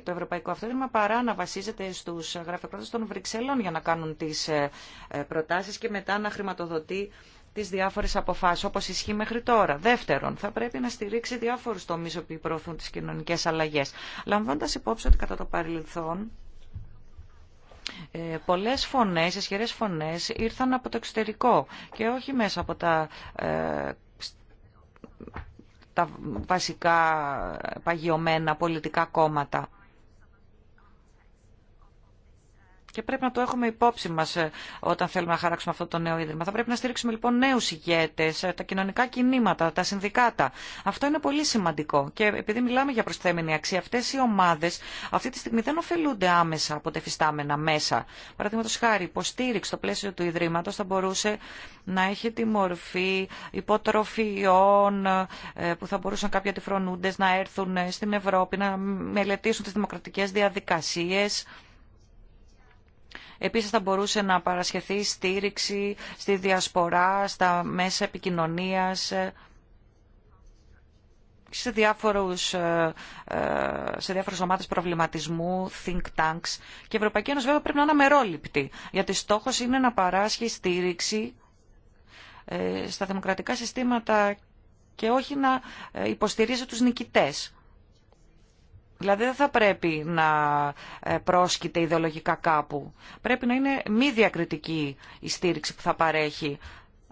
το Ευρωπαϊκό Αυτοδήμα παρά να βασίζεται στου γραφειοκρότε των Βρυξελών για να κάνουν τι ε, προτάσει και μετά να χρηματοδοτεί τις διάφορες αποφάσεις όπως ισχύει μέχρι τώρα. Δεύτερον, θα πρέπει να στηρίξει διάφορους τομείς που προωθούν τις κοινωνικές αλλαγές. Λαμβάνοντας υπόψη ότι κατά το παρελθόν ε, πολλές φωνές, ισχυρές φωνές ήρθαν από το εξωτερικό και όχι μέσα από τα, ε, τα βασικά παγιωμένα πολιτικά κόμματα. Και πρέπει να το έχουμε υπόψη μα ε, όταν θέλουμε να χαράξουμε αυτό το νέο ίδρυμα. Θα πρέπει να στηρίξουμε λοιπόν νέου ηγέτε, ε, τα κοινωνικά κινήματα, τα συνδικάτα. Αυτό είναι πολύ σημαντικό. Και επειδή μιλάμε για προσθέμενη αξία, αυτέ οι ομάδε αυτή τη στιγμή δεν ωφελούνται άμεσα από τα εφιστάμενα μέσα. Παραδείγματο χάρη, υποστήριξη στο πλαίσιο του Ιδρύματο θα μπορούσε να έχει τη μορφή υποτροφιών ε, που θα μπορούσαν κάποιοι αντιφρονούντε να έρθουν στην Ευρώπη, να μελετήσουν τι δημοκρατικέ διαδικασίε. Επίσης θα μπορούσε να παρασχεθεί στήριξη στη διασπορά, στα μέσα επικοινωνίας, ε, σε, διάφορους, ε, ε, σε διάφορες ομάδες προβληματισμού, think tanks. Και η Ευρωπαϊκή Ένωση βέβαια πρέπει να είναι αμερόληπτη, γιατί στόχος είναι να παράσχει στήριξη στα δημοκρατικά συστήματα και όχι να υποστηρίζει τους νικητές. Δηλαδή δεν θα πρέπει να ε, πρόσκειται ιδεολογικά κάπου. Πρέπει να είναι μη διακριτική η στήριξη που θα παρέχει.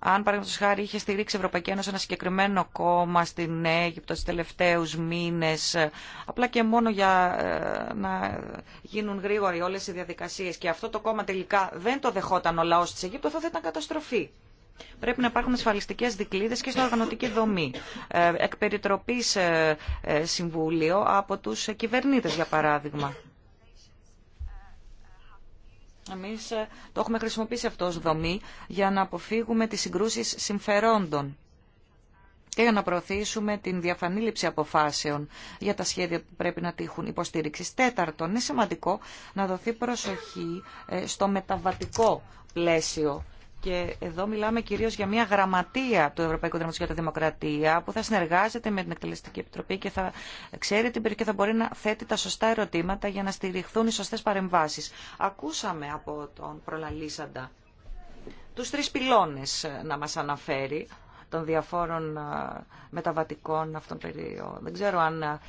Αν παραδείγματο χάρη είχε στηρίξει η Ευρωπαϊκή Ένωση ένα συγκεκριμένο κόμμα στην Αίγυπτο του τελευταίου μήνε, απλά και μόνο για ε, να γίνουν γρήγοροι όλε οι διαδικασίε και αυτό το κόμμα τελικά δεν το δεχόταν ο λαό τη Αιγύπτου, θα ήταν καταστροφή. Πρέπει να υπάρχουν ασφαλιστικέ δικλείδε και στην οργανωτική δομή. Ε, εκ περιτροπή ε, ε, συμβούλιο από του κυβερνήτε, για παράδειγμα. Εμεί το έχουμε χρησιμοποιήσει αυτό ως δομή για να αποφύγουμε τι συγκρούσει συμφερόντων και για να προωθήσουμε την διαφανή λήψη αποφάσεων για τα σχέδια που πρέπει να τύχουν υποστήριξη. Τέταρτον, είναι σημαντικό να δοθεί προσοχή στο μεταβατικό πλαίσιο και εδώ μιλάμε κυρίω για μια γραμματεία του Ευρωπαϊκού Δρόμου για τη Δημοκρατία που θα συνεργάζεται με την Εκτελεστική Επιτροπή και θα ξέρει την περιοχή και θα μπορεί να θέτει τα σωστά ερωτήματα για να στηριχθούν οι σωστέ παρεμβάσει. Ακούσαμε από τον προλαλήσαντα τους τρεις πυλώνε να μας αναφέρει των διαφόρων μεταβατικών αυτών περίοδων. Δεν ξέρω αν ε,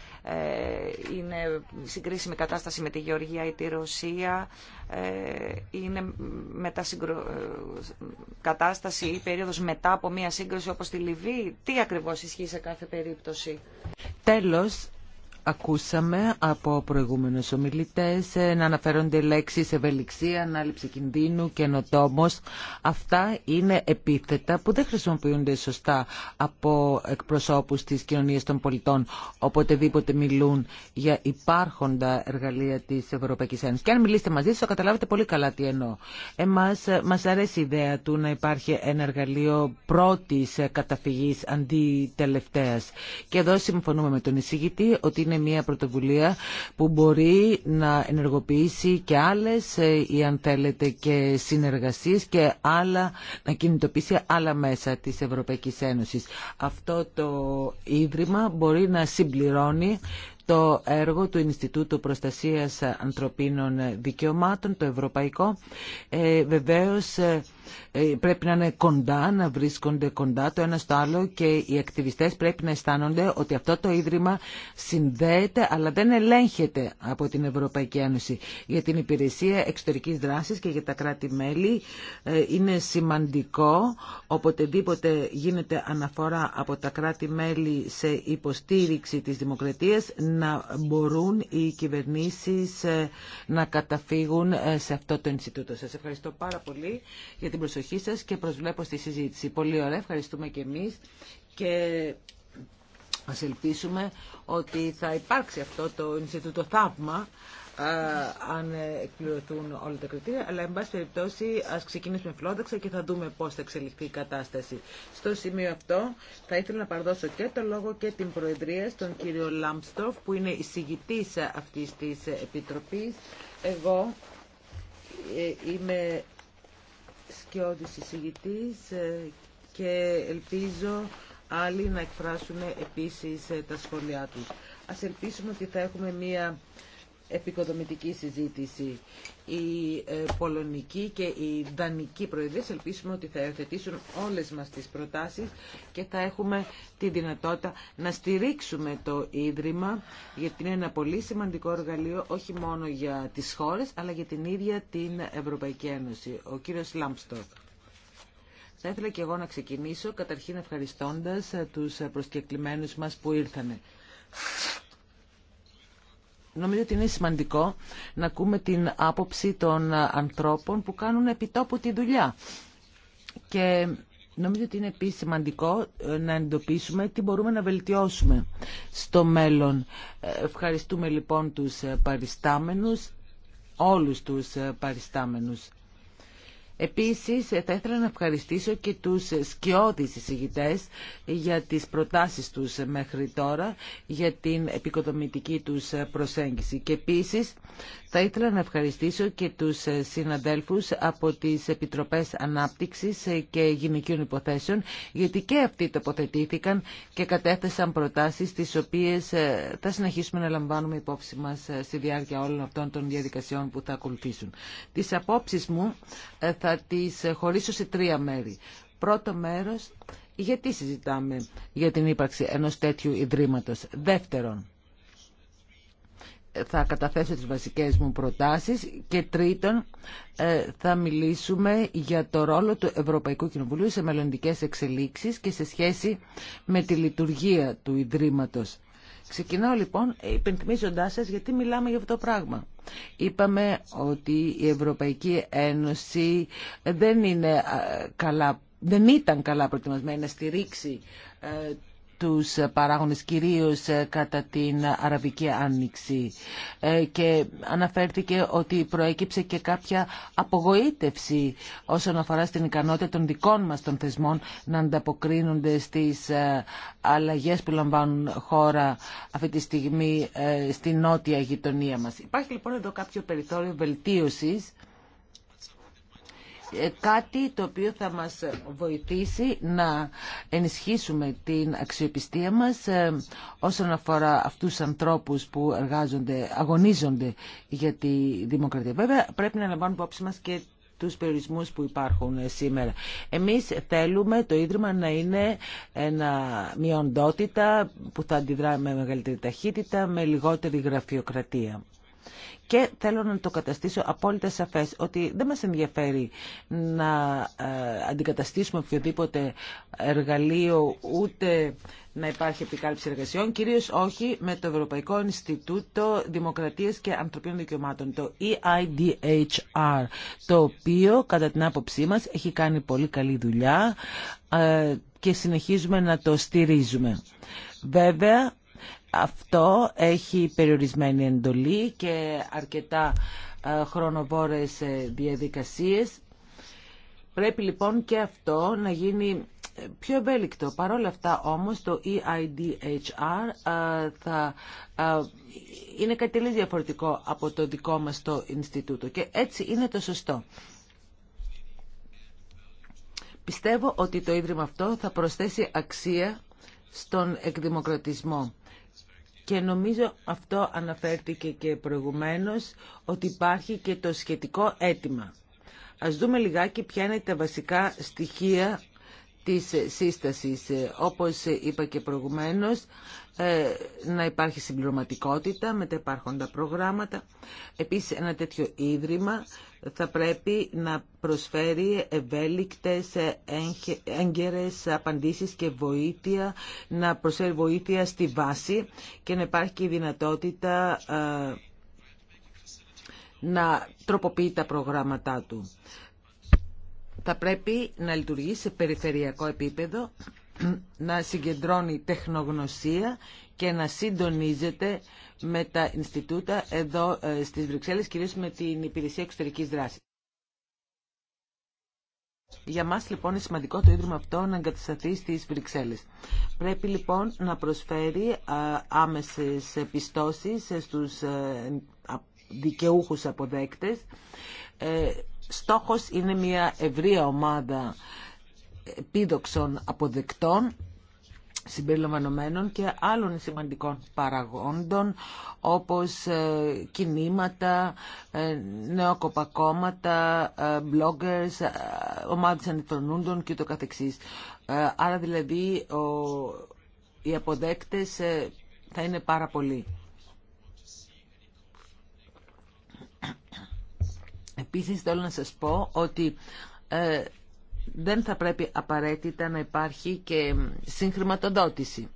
είναι συγκρίσιμη κατάσταση με τη Γεωργία ή τη Ρωσία. Ε, είναι μετασυγκρο... Ε, κατάσταση ή περίοδος μετά από μία σύγκρουση όπως τη Λιβύη. Τι ακριβώς ισχύει σε κάθε περίπτωση. Τέλος, Ακούσαμε από προηγούμενους ομιλητές ε, να αναφέρονται λέξεις ευελιξία, ανάληψη κινδύνου, καινοτόμος. Αυτά είναι επίθετα που δεν χρησιμοποιούνται σωστά από εκπροσώπους της κοινωνίας των πολιτών οποτεδήποτε μιλούν για υπάρχοντα εργαλεία της Ευρωπαϊκής Ένωσης. Και αν μιλήσετε μαζί σας θα καταλάβετε πολύ καλά τι εννοώ. Εμάς ε, μας αρέσει η ιδέα του να υπάρχει ένα εργαλείο πρώτης καταφυγής αντί τελευταίας. Και εδώ συμφωνούμε με τον εισηγητή ότι είναι μια πρωτοβουλία που μπορεί να ενεργοποιήσει και άλλες ε, ή αν θέλετε και συνεργασίες και άλλα, να κινητοποιήσει άλλα μέσα της Ευρωπαϊκής Ένωσης. Αυτό το Ίδρυμα μπορεί να συμπληρώνει το έργο του Ινστιτούτου Προστασίας Ανθρωπίνων Δικαιωμάτων, το Ευρωπαϊκό. Ε, βεβαίως, ε, ε, πρέπει να είναι κοντά, να βρίσκονται κοντά το ένα στο άλλο και οι ακτιβιστές πρέπει να αισθάνονται ότι αυτό το Ίδρυμα συνδέεται αλλά δεν ελέγχεται από την Ευρωπαϊκή Ένωση. Για την υπηρεσία εξωτερικής δράσης και για τα κράτη-μέλη ε, είναι σημαντικό οποτεδήποτε γίνεται αναφορά από τα κράτη-μέλη σε υποστήριξη της δημοκρατίας να μπορούν οι κυβερνήσεις ε, να καταφύγουν σε αυτό το Ινστιτούτο. Σας ευχαριστώ πάρα πολύ για την προσοχή σας και προσβλέπω στη συζήτηση. Πολύ ωραία, ευχαριστούμε και εμείς και ας ελπίσουμε ότι θα υπάρξει αυτό το Ινστιτούτο Θαύμα αν εκπληρωθούν όλα τα κριτήρια, αλλά εν πάση περιπτώσει ας ξεκινήσουμε φλόδεξα και θα δούμε πώς θα εξελιχθεί η κατάσταση. Στο σημείο αυτό θα ήθελα να παραδώσω και το λόγο και την Προεδρία στον κύριο Λάμπστοφ που είναι εισηγητής αυτής της Επιτροπής. Εγώ ε, είμαι σκιώδης εισηγητής ε, και ελπίζω άλλοι να εκφράσουν επίσης ε, τα σχόλιά τους. Ας ελπίσουμε ότι θα έχουμε μία επικοδομητική συζήτηση. Η ε, Πολωνική και η Δανική Προεδρία ελπίσουμε ότι θα υιοθετήσουν όλες μας τις προτάσεις και θα έχουμε τη δυνατότητα να στηρίξουμε το Ίδρυμα γιατί είναι ένα πολύ σημαντικό εργαλείο όχι μόνο για τις χώρες αλλά για την ίδια την Ευρωπαϊκή Ένωση. Ο κύριος Λάμπστοκ. Θα ήθελα και εγώ να ξεκινήσω καταρχήν ευχαριστώντας τους προσκεκλημένους μας που ήρθανε. Νομίζω ότι είναι σημαντικό να ακούμε την άποψη των ανθρώπων που κάνουν επιτόπου τη δουλειά. Και νομίζω ότι είναι επίσης σημαντικό ε, να εντοπίσουμε τι μπορούμε να βελτιώσουμε στο μέλλον. Ε, ευχαριστούμε λοιπόν τους ε, παριστάμενους, όλους τους παριστάμενους. Επίσης θα ήθελα να ευχαριστήσω και τους σκιώδεις εισηγητές για τις προτάσεις τους μέχρι τώρα, για την επικοδομητική τους προσέγγιση. Και επίσης θα ήθελα να ευχαριστήσω και τους συναδέλφους από τις Επιτροπές Ανάπτυξης και Γυναικείων Υποθέσεων, γιατί και αυτοί τοποθετήθηκαν και κατέθεσαν προτάσεις τις οποίες ε, θα συνεχίσουμε να λαμβάνουμε υπόψη μας ε, στη διάρκεια όλων αυτών των διαδικασιών που θα ακολουθήσουν. Τις απόψεις μου ε, θα θα τις χωρίσω σε τρία μέρη. Πρώτο μέρος, γιατί συζητάμε για την ύπαρξη ενός τέτοιου ιδρύματος. Δεύτερον, θα καταθέσω τις βασικές μου προτάσεις και τρίτον ε, θα μιλήσουμε για το ρόλο του Ευρωπαϊκού Κοινοβουλίου σε μελλοντικές εξελίξεις και σε σχέση με τη λειτουργία του Ιδρύματος. Ξεκινάω λοιπόν υπενθυμίζοντά σας γιατί μιλάμε για αυτό το πράγμα. Είπαμε ότι η Ευρωπαϊκή Ένωση δεν, είναι καλά, δεν ήταν καλά προετοιμασμένη να στηρίξει ε, τους παράγοντες κυρίως ε, κατά την Αραβική Άνοιξη ε, και αναφέρθηκε ότι προέκυψε και κάποια απογοήτευση όσον αφορά στην ικανότητα των δικών μας των θεσμών να ανταποκρίνονται στις ε, αλλαγές που λαμβάνουν χώρα αυτή τη στιγμή στη νότια γειτονία μας. Υπάρχει λοιπόν εδώ κάποιο περιθώριο βελτίωσης ε, κάτι το οποίο θα μας βοηθήσει να ενισχύσουμε την αξιοπιστία μας ε, όσον αφορά αυτούς τους ανθρώπους που εργάζονται, αγωνίζονται για τη δημοκρατία. Βέβαια πρέπει να λαμβάνουμε υπόψη μας και τους περιορισμούς που υπάρχουν ε, σήμερα. Εμείς θέλουμε το Ίδρυμα να είναι μια οντότητα που θα αντιδρά με μεγαλύτερη ταχύτητα, με λιγότερη γραφειοκρατία. Και θέλω να το καταστήσω απόλυτα σαφές ότι δεν μας ενδιαφέρει να ε, αντικαταστήσουμε οποιοδήποτε εργαλείο ούτε να υπάρχει επικάλυψη εργασιών, κυρίως όχι με το Ευρωπαϊκό Ινστιτούτο Δημοκρατίας και Ανθρωπίνων Δικαιωμάτων, το EIDHR, το οποίο κατά την άποψή μας έχει κάνει πολύ καλή δουλειά ε, και συνεχίζουμε να το στηρίζουμε. Βέβαια, αυτό έχει περιορισμένη εντολή και αρκετά ε, χρονοβόρες ε, διαδικασίες. Πρέπει λοιπόν και αυτό να γίνει ε, πιο ευέλικτο. Παρ' όλα αυτά όμως το EIDHR θα είναι κάτι διαφορετικό από το δικό μας το Ινστιτούτο και έτσι είναι το σωστό. Πιστεύω ότι το Ίδρυμα αυτό θα προσθέσει αξία στον εκδημοκρατισμό και νομίζω αυτό αναφέρθηκε και προηγουμένως ότι υπάρχει και το σχετικό αίτημα. Ας δούμε λιγάκι ποια είναι τα βασικά στοιχεία της σύστασης. Όπως είπα και προηγουμένως, ε, να υπάρχει συμπληρωματικότητα με τα υπάρχοντα προγράμματα. Επίσης, ένα τέτοιο ίδρυμα θα πρέπει να προσφέρει ευέλικτες, ε, έγκαιρες απαντήσεις και βοήθεια, να προσφέρει βοήθεια στη βάση και να υπάρχει και η δυνατότητα ε, να τροποποιεί τα προγράμματά του θα πρέπει να λειτουργεί σε περιφερειακό επίπεδο, να συγκεντρώνει τεχνογνωσία και να συντονίζεται με τα Ινστιτούτα εδώ ε, στις Βρυξέλλες, κυρίως με την Υπηρεσία Εξωτερικής Δράσης. Για μας λοιπόν είναι σημαντικό το Ίδρυμα αυτό να εγκατασταθεί στις Βρυξέλλες. Πρέπει λοιπόν να προσφέρει άμεσες πιστώσεις στους ε, δικαιούχους αποδέκτες, ε, Στόχος είναι μια ευρία ομάδα επίδοξων αποδεκτών συμπεριλαμβανομένων και άλλων σημαντικών παραγόντων όπως ε, κινήματα, ε, νεόκοπα κόμματα, ε, bloggers, ομάδες ανεφρονούντων και το καθεξής. Άρα δηλαδή οι αποδέκτες θα είναι πάρα πολλοί. Επίσης θέλω να σας πω ότι ε, δεν θα πρέπει απαραίτητα να υπάρχει και συγχρηματοδότηση.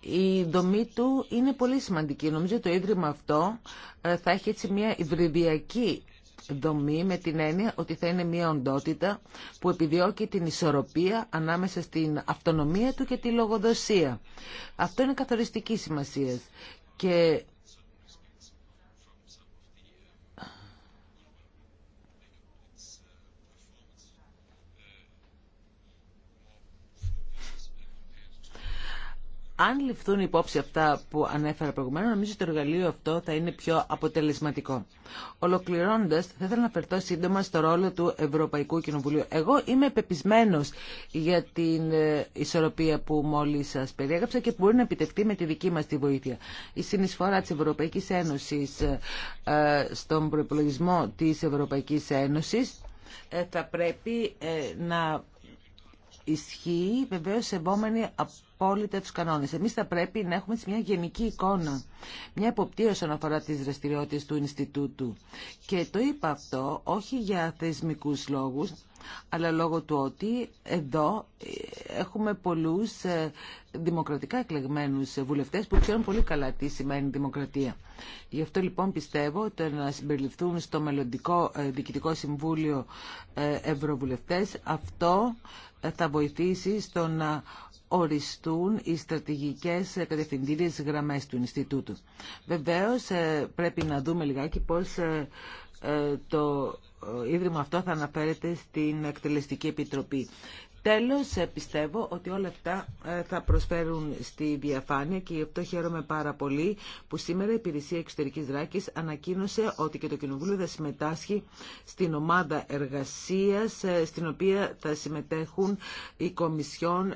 Η δομή του είναι πολύ σημαντική. Νομίζω το Ίδρυμα αυτό ε, θα έχει έτσι μια υβριδιακή δομή με την έννοια ότι θα είναι μια οντότητα που επιδιώκει την ισορροπία ανάμεσα στην αυτονομία του και τη λογοδοσία. Αυτό είναι καθοριστική σημασία. Και Αν ληφθούν υπόψη αυτά που ανέφερα προηγουμένως, νομίζω ότι το εργαλείο αυτό θα είναι πιο αποτελεσματικό. Ολοκληρώνοντας, θα ήθελα να περτώ σύντομα στο ρόλο του Ευρωπαϊκού Κοινοβουλίου. Εγώ είμαι πεπισμένος για την ε, ισορροπία που μόλις σας περιέγραψα και που μπορεί να επιτευχθεί με τη δική μας τη βοήθεια. Η συνεισφορά της Ευρωπαϊκής Ένωσης ε, ε, στον προπολογισμό της Ευρωπαϊκής Ένωσης θα πρέπει να ισχύει βεβαίως σεβόμενη όλοι του κανόνες. Εμείς θα πρέπει να έχουμε μια γενική εικόνα, μια εποπτεία όσον αφορά τι δραστηριότητε του Ινστιτούτου. Και το είπα αυτό όχι για θεσμικούς λόγους, αλλά λόγω του ότι εδώ ε, έχουμε πολλούς ε, δημοκρατικά εκλεγμένους βουλευτές που ξέρουν πολύ καλά τι σημαίνει δημοκρατία. Γι' αυτό λοιπόν πιστεύω ότι να συμπεριληφθούν στο μελλοντικό ε, διοικητικό συμβούλιο Ευρωβουλευτέ, αυτό θα βοηθήσει στο να οριστούν οι στρατηγικές κατευθυντήριες γραμμές του Ινστιτούτου. Βεβαίως ε, πρέπει να δούμε λιγάκι πώς ε, ε, το Ίδρυμα αυτό θα αναφέρεται στην Εκτελεστική Επιτροπή. Τέλος, ε, πιστεύω ότι όλα αυτά ε, θα προσφέρουν στη διαφάνεια και γι' αυτό χαίρομαι πάρα πολύ που σήμερα η Υπηρεσία Εξωτερικής Δράκης ανακοίνωσε ότι και το Κοινοβούλιο θα συμμετάσχει στην ομάδα εργασίας ε, στην οποία θα συμμετέχουν οι Κομισιόν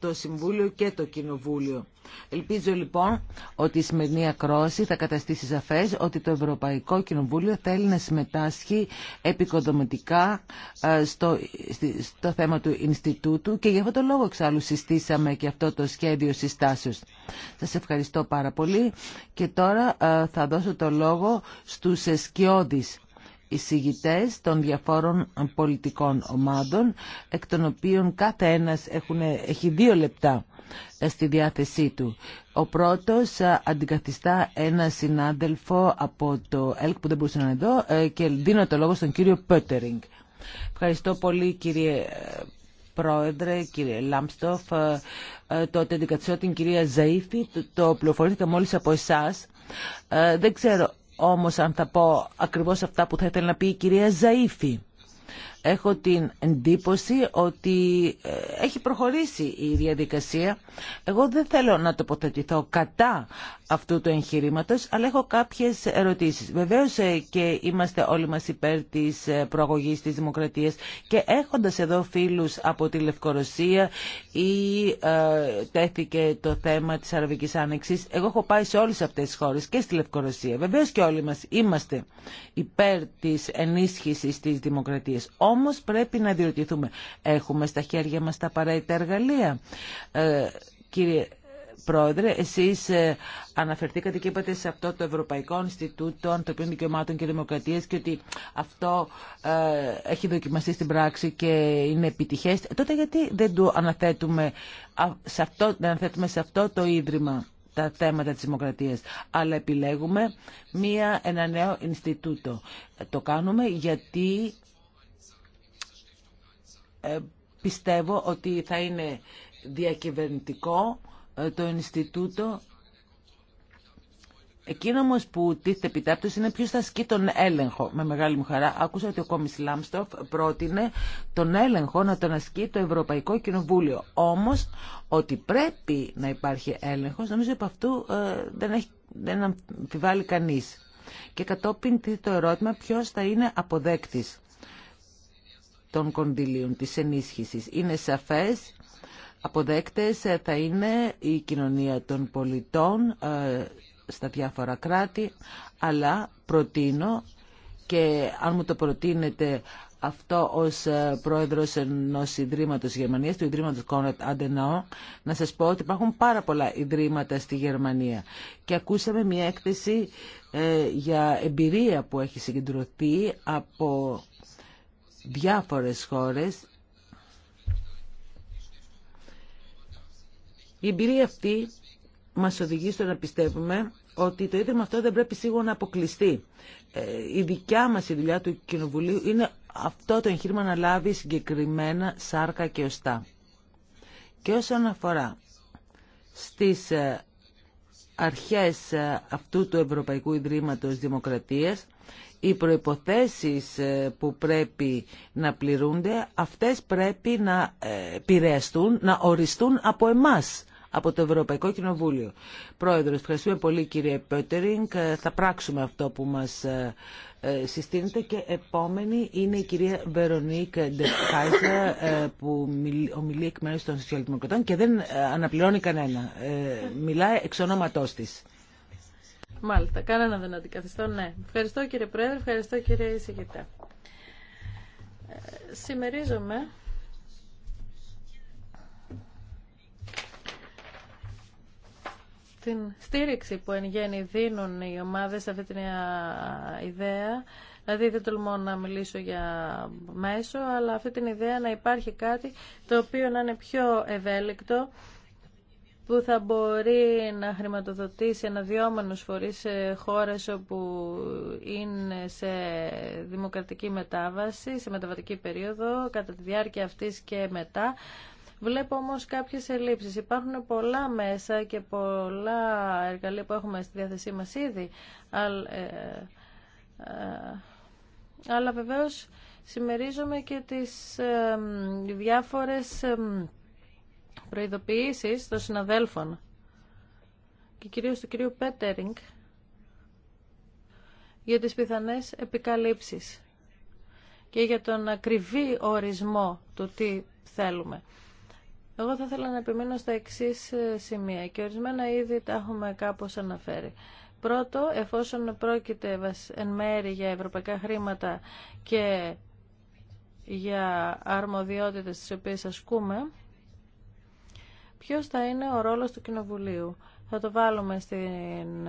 το Συμβούλιο και το Κοινοβούλιο. Ελπίζω λοιπόν ότι η σημερινή ακρόαση θα καταστήσει σαφές ότι το Ευρωπαϊκό Κοινοβούλιο θέλει να συμμετάσχει επικοδομητικά ε, στο, στο θέμα του Ινστιτούτου και γι' αυτόν το λόγο εξάλλου συστήσαμε και αυτό το σχέδιο συστάσεως. Σας ευχαριστώ πάρα πολύ και τώρα ε, θα δώσω το λόγο στους σκιώδεις εισηγητές των διαφόρων πολιτικών ομάδων, εκ των οποίων κάθε ένας έχουν, έχει δύο λεπτά ε, στη διάθεσή του. Ο πρώτος ε, αντικαθιστά ένα συνάδελφο από το ΕΛΚ που δεν μπορούσε να είναι εδώ ε, και δίνω το λόγο στον κύριο Πέτερινγκ. Ευχαριστώ πολύ κύριε Πρόεδρε, κύριε Λάμπστοφ, τότε αντικαθιστώ την κυρία Ζαΐφη, το πληροφορήθηκα μόλις από εσάς. Δεν ξέρω όμως αν θα πω ακριβώς αυτά που θα ήθελε να πει η κυρία Ζαΐφη. Έχω την εντύπωση ότι ε, έχει προχωρήσει η διαδικασία. Εγώ δεν θέλω να τοποθετηθώ κατά αυτού του εγχειρήματο, αλλά έχω κάποιες ερωτήσεις. Βεβαίως ε, και είμαστε όλοι μας υπέρ της ε, προαγωγής της δημοκρατίας και έχοντας εδώ φίλους από τη Λευκορωσία ή τέθηκε το θέμα της Αραβικής Άνοιξης. Εγώ έχω πάει σε όλες αυτές τις χώρες και στη Λευκορωσία. Βεβαίως και όλοι μας είμαστε υπέρ της ενίσχυσης της δημοκρατίας. Όμως πρέπει να διερωτηθούμε, έχουμε στα χέρια μας τα απαραίτητα εργαλεία. Ε, κύριε Πρόεδρε, εσείς ε, αναφερθήκατε και είπατε σε αυτό το Ευρωπαϊκό Ινστιτούτο Ανθρωπίνων Δικαιωμάτων και Δημοκρατίας και ότι αυτό ε, έχει δοκιμαστεί στην πράξη και είναι επιτυχές. Τότε γιατί δεν το αναθέτουμε σε αυτό, δεν αναθέτουμε σε αυτό το Ίδρυμα τα θέματα της δημοκρατίας, αλλά επιλέγουμε μία, ένα νέο Ινστιτούτο. Το κάνουμε γιατί ε, πιστεύω ότι θα είναι διακυβερνητικό ε, το Ινστιτούτο. Εκείνο όμω που τίθεται επιτάπτωση είναι ποιο θα ασκεί τον έλεγχο. Με μεγάλη μου χαρά άκουσα ότι ο Κόμι Λάμστοφ πρότεινε τον έλεγχο να τον ασκεί το Ευρωπαϊκό Κοινοβούλιο. Όμω ότι πρέπει να υπάρχει έλεγχο νομίζω από αυτού ε, δεν, έχει, δεν αμφιβάλλει κανεί. Και κατόπιν το ερώτημα ποιο θα είναι αποδέκτης των κονδυλίων, της ενίσχυσης. Είναι σαφές, αποδέκτες θα είναι η κοινωνία των πολιτών ε, στα διάφορα κράτη, αλλά προτείνω και αν μου το προτείνετε αυτό ως ε, πρόεδρος ενός Ιδρύματος Γερμανίας, του Ιδρύματος Κόνετ Αντενό, να σας πω ότι υπάρχουν πάρα πολλά Ιδρύματα στη Γερμανία. Και ακούσαμε μια έκθεση ε, για εμπειρία που έχει συγκεντρωθεί από διάφορες χώρες η εμπειρία αυτή μας οδηγεί στο να πιστεύουμε ότι το Ίδρυμα αυτό δεν πρέπει σίγουρα να αποκλειστεί. Ε, η δικιά μας η δουλειά του Κοινοβουλίου είναι αυτό το εγχείρημα να λάβει συγκεκριμένα σάρκα και οστά. Και όσον αφορά στις ε, αρχές ε, αυτού του Ευρωπαϊκού Ιδρύματος Δημοκρατίας, οι προϋποθέσεις ε, που πρέπει να πληρούνται, αυτές πρέπει να ε, επηρεαστούν, να οριστούν από εμάς από το Ευρωπαϊκό Κοινοβούλιο. Πρόεδρος, ευχαριστούμε πολύ κύριε Πέτερινγκ. Ε, θα πράξουμε αυτό που μας συστήνεται και επόμενη είναι η κυρία Βερονίκ Ντεχάιζα που ομιλεί εκ μέρους των Σοσιαλδημοκρατών και δεν αναπληρώνει κανένα. Μιλάει εξ ονόματός της. Μάλιστα, κανένα δεν αντικαθιστώ, ναι. Ευχαριστώ κύριε Πρόεδρε, ευχαριστώ κύριε Ισηγητά. Ε, την στήριξη που εν γέννη δίνουν οι ομάδες σε αυτή την ιδέα. Δηλαδή δεν τολμώ να μιλήσω για μέσο, αλλά αυτή την ιδέα να υπάρχει κάτι το οποίο να είναι πιο ευέλικτο που θα μπορεί να χρηματοδοτήσει αναδυόμενους φορείς σε χώρες όπου είναι σε δημοκρατική μετάβαση, σε μεταβατική περίοδο, κατά τη διάρκεια αυτής και μετά. Βλέπω όμως κάποιες ελλείψεις. Υπάρχουν πολλά μέσα και πολλά εργαλεία που έχουμε στη διάθεσή μας ήδη, ε, ε, ε, αλλά βεβαίως συμμερίζομαι και τις διάφορες προειδοποιήσεις των συναδέλφων και κυρίως του κυρίου Πέτερινγκ για τις πιθανές επικαλύψεις και για τον ακριβή ορισμό του τι θέλουμε. Εγώ θα ήθελα να επιμείνω στα εξή ε, σημεία και ορισμένα ήδη τα έχουμε κάπως αναφέρει. Πρώτο, εφόσον πρόκειται εν μέρη για ευρωπαϊκά χρήματα και για αρμοδιότητες τις οποίες ασκούμε, ποιος θα είναι ο ρόλος του Κοινοβουλίου θα το βάλουμε στην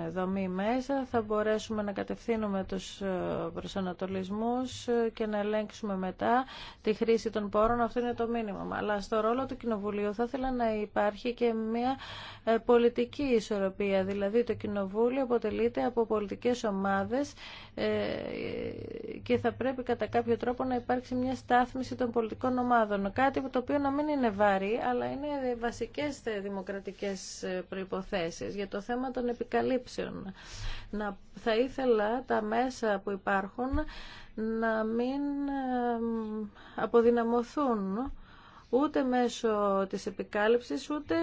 δομή μέσα, θα μπορέσουμε να κατευθύνουμε τους ε, προσανατολισμούς και να ελέγξουμε μετά τη χρήση των πόρων. Αυτό είναι το μήνυμα. Αλλά στο ρόλο του Κοινοβουλίου θα ήθελα να υπάρχει και μια ε, πολιτική ισορροπία. Δηλαδή το Κοινοβούλιο αποτελείται από πολιτικές ομάδες ε, και θα πρέπει κατά κάποιο τρόπο να υπάρξει μια στάθμιση των πολιτικών ομάδων. Κάτι το οποίο να μην είναι βαρύ, αλλά είναι βασικές δημοκρατικές προϋποθέσεις. Για το θέμα των επικαλύψεων, να, θα ήθελα τα μέσα που υπάρχουν να μην αποδυναμωθούν ούτε μέσω της επικάλυψης, ούτε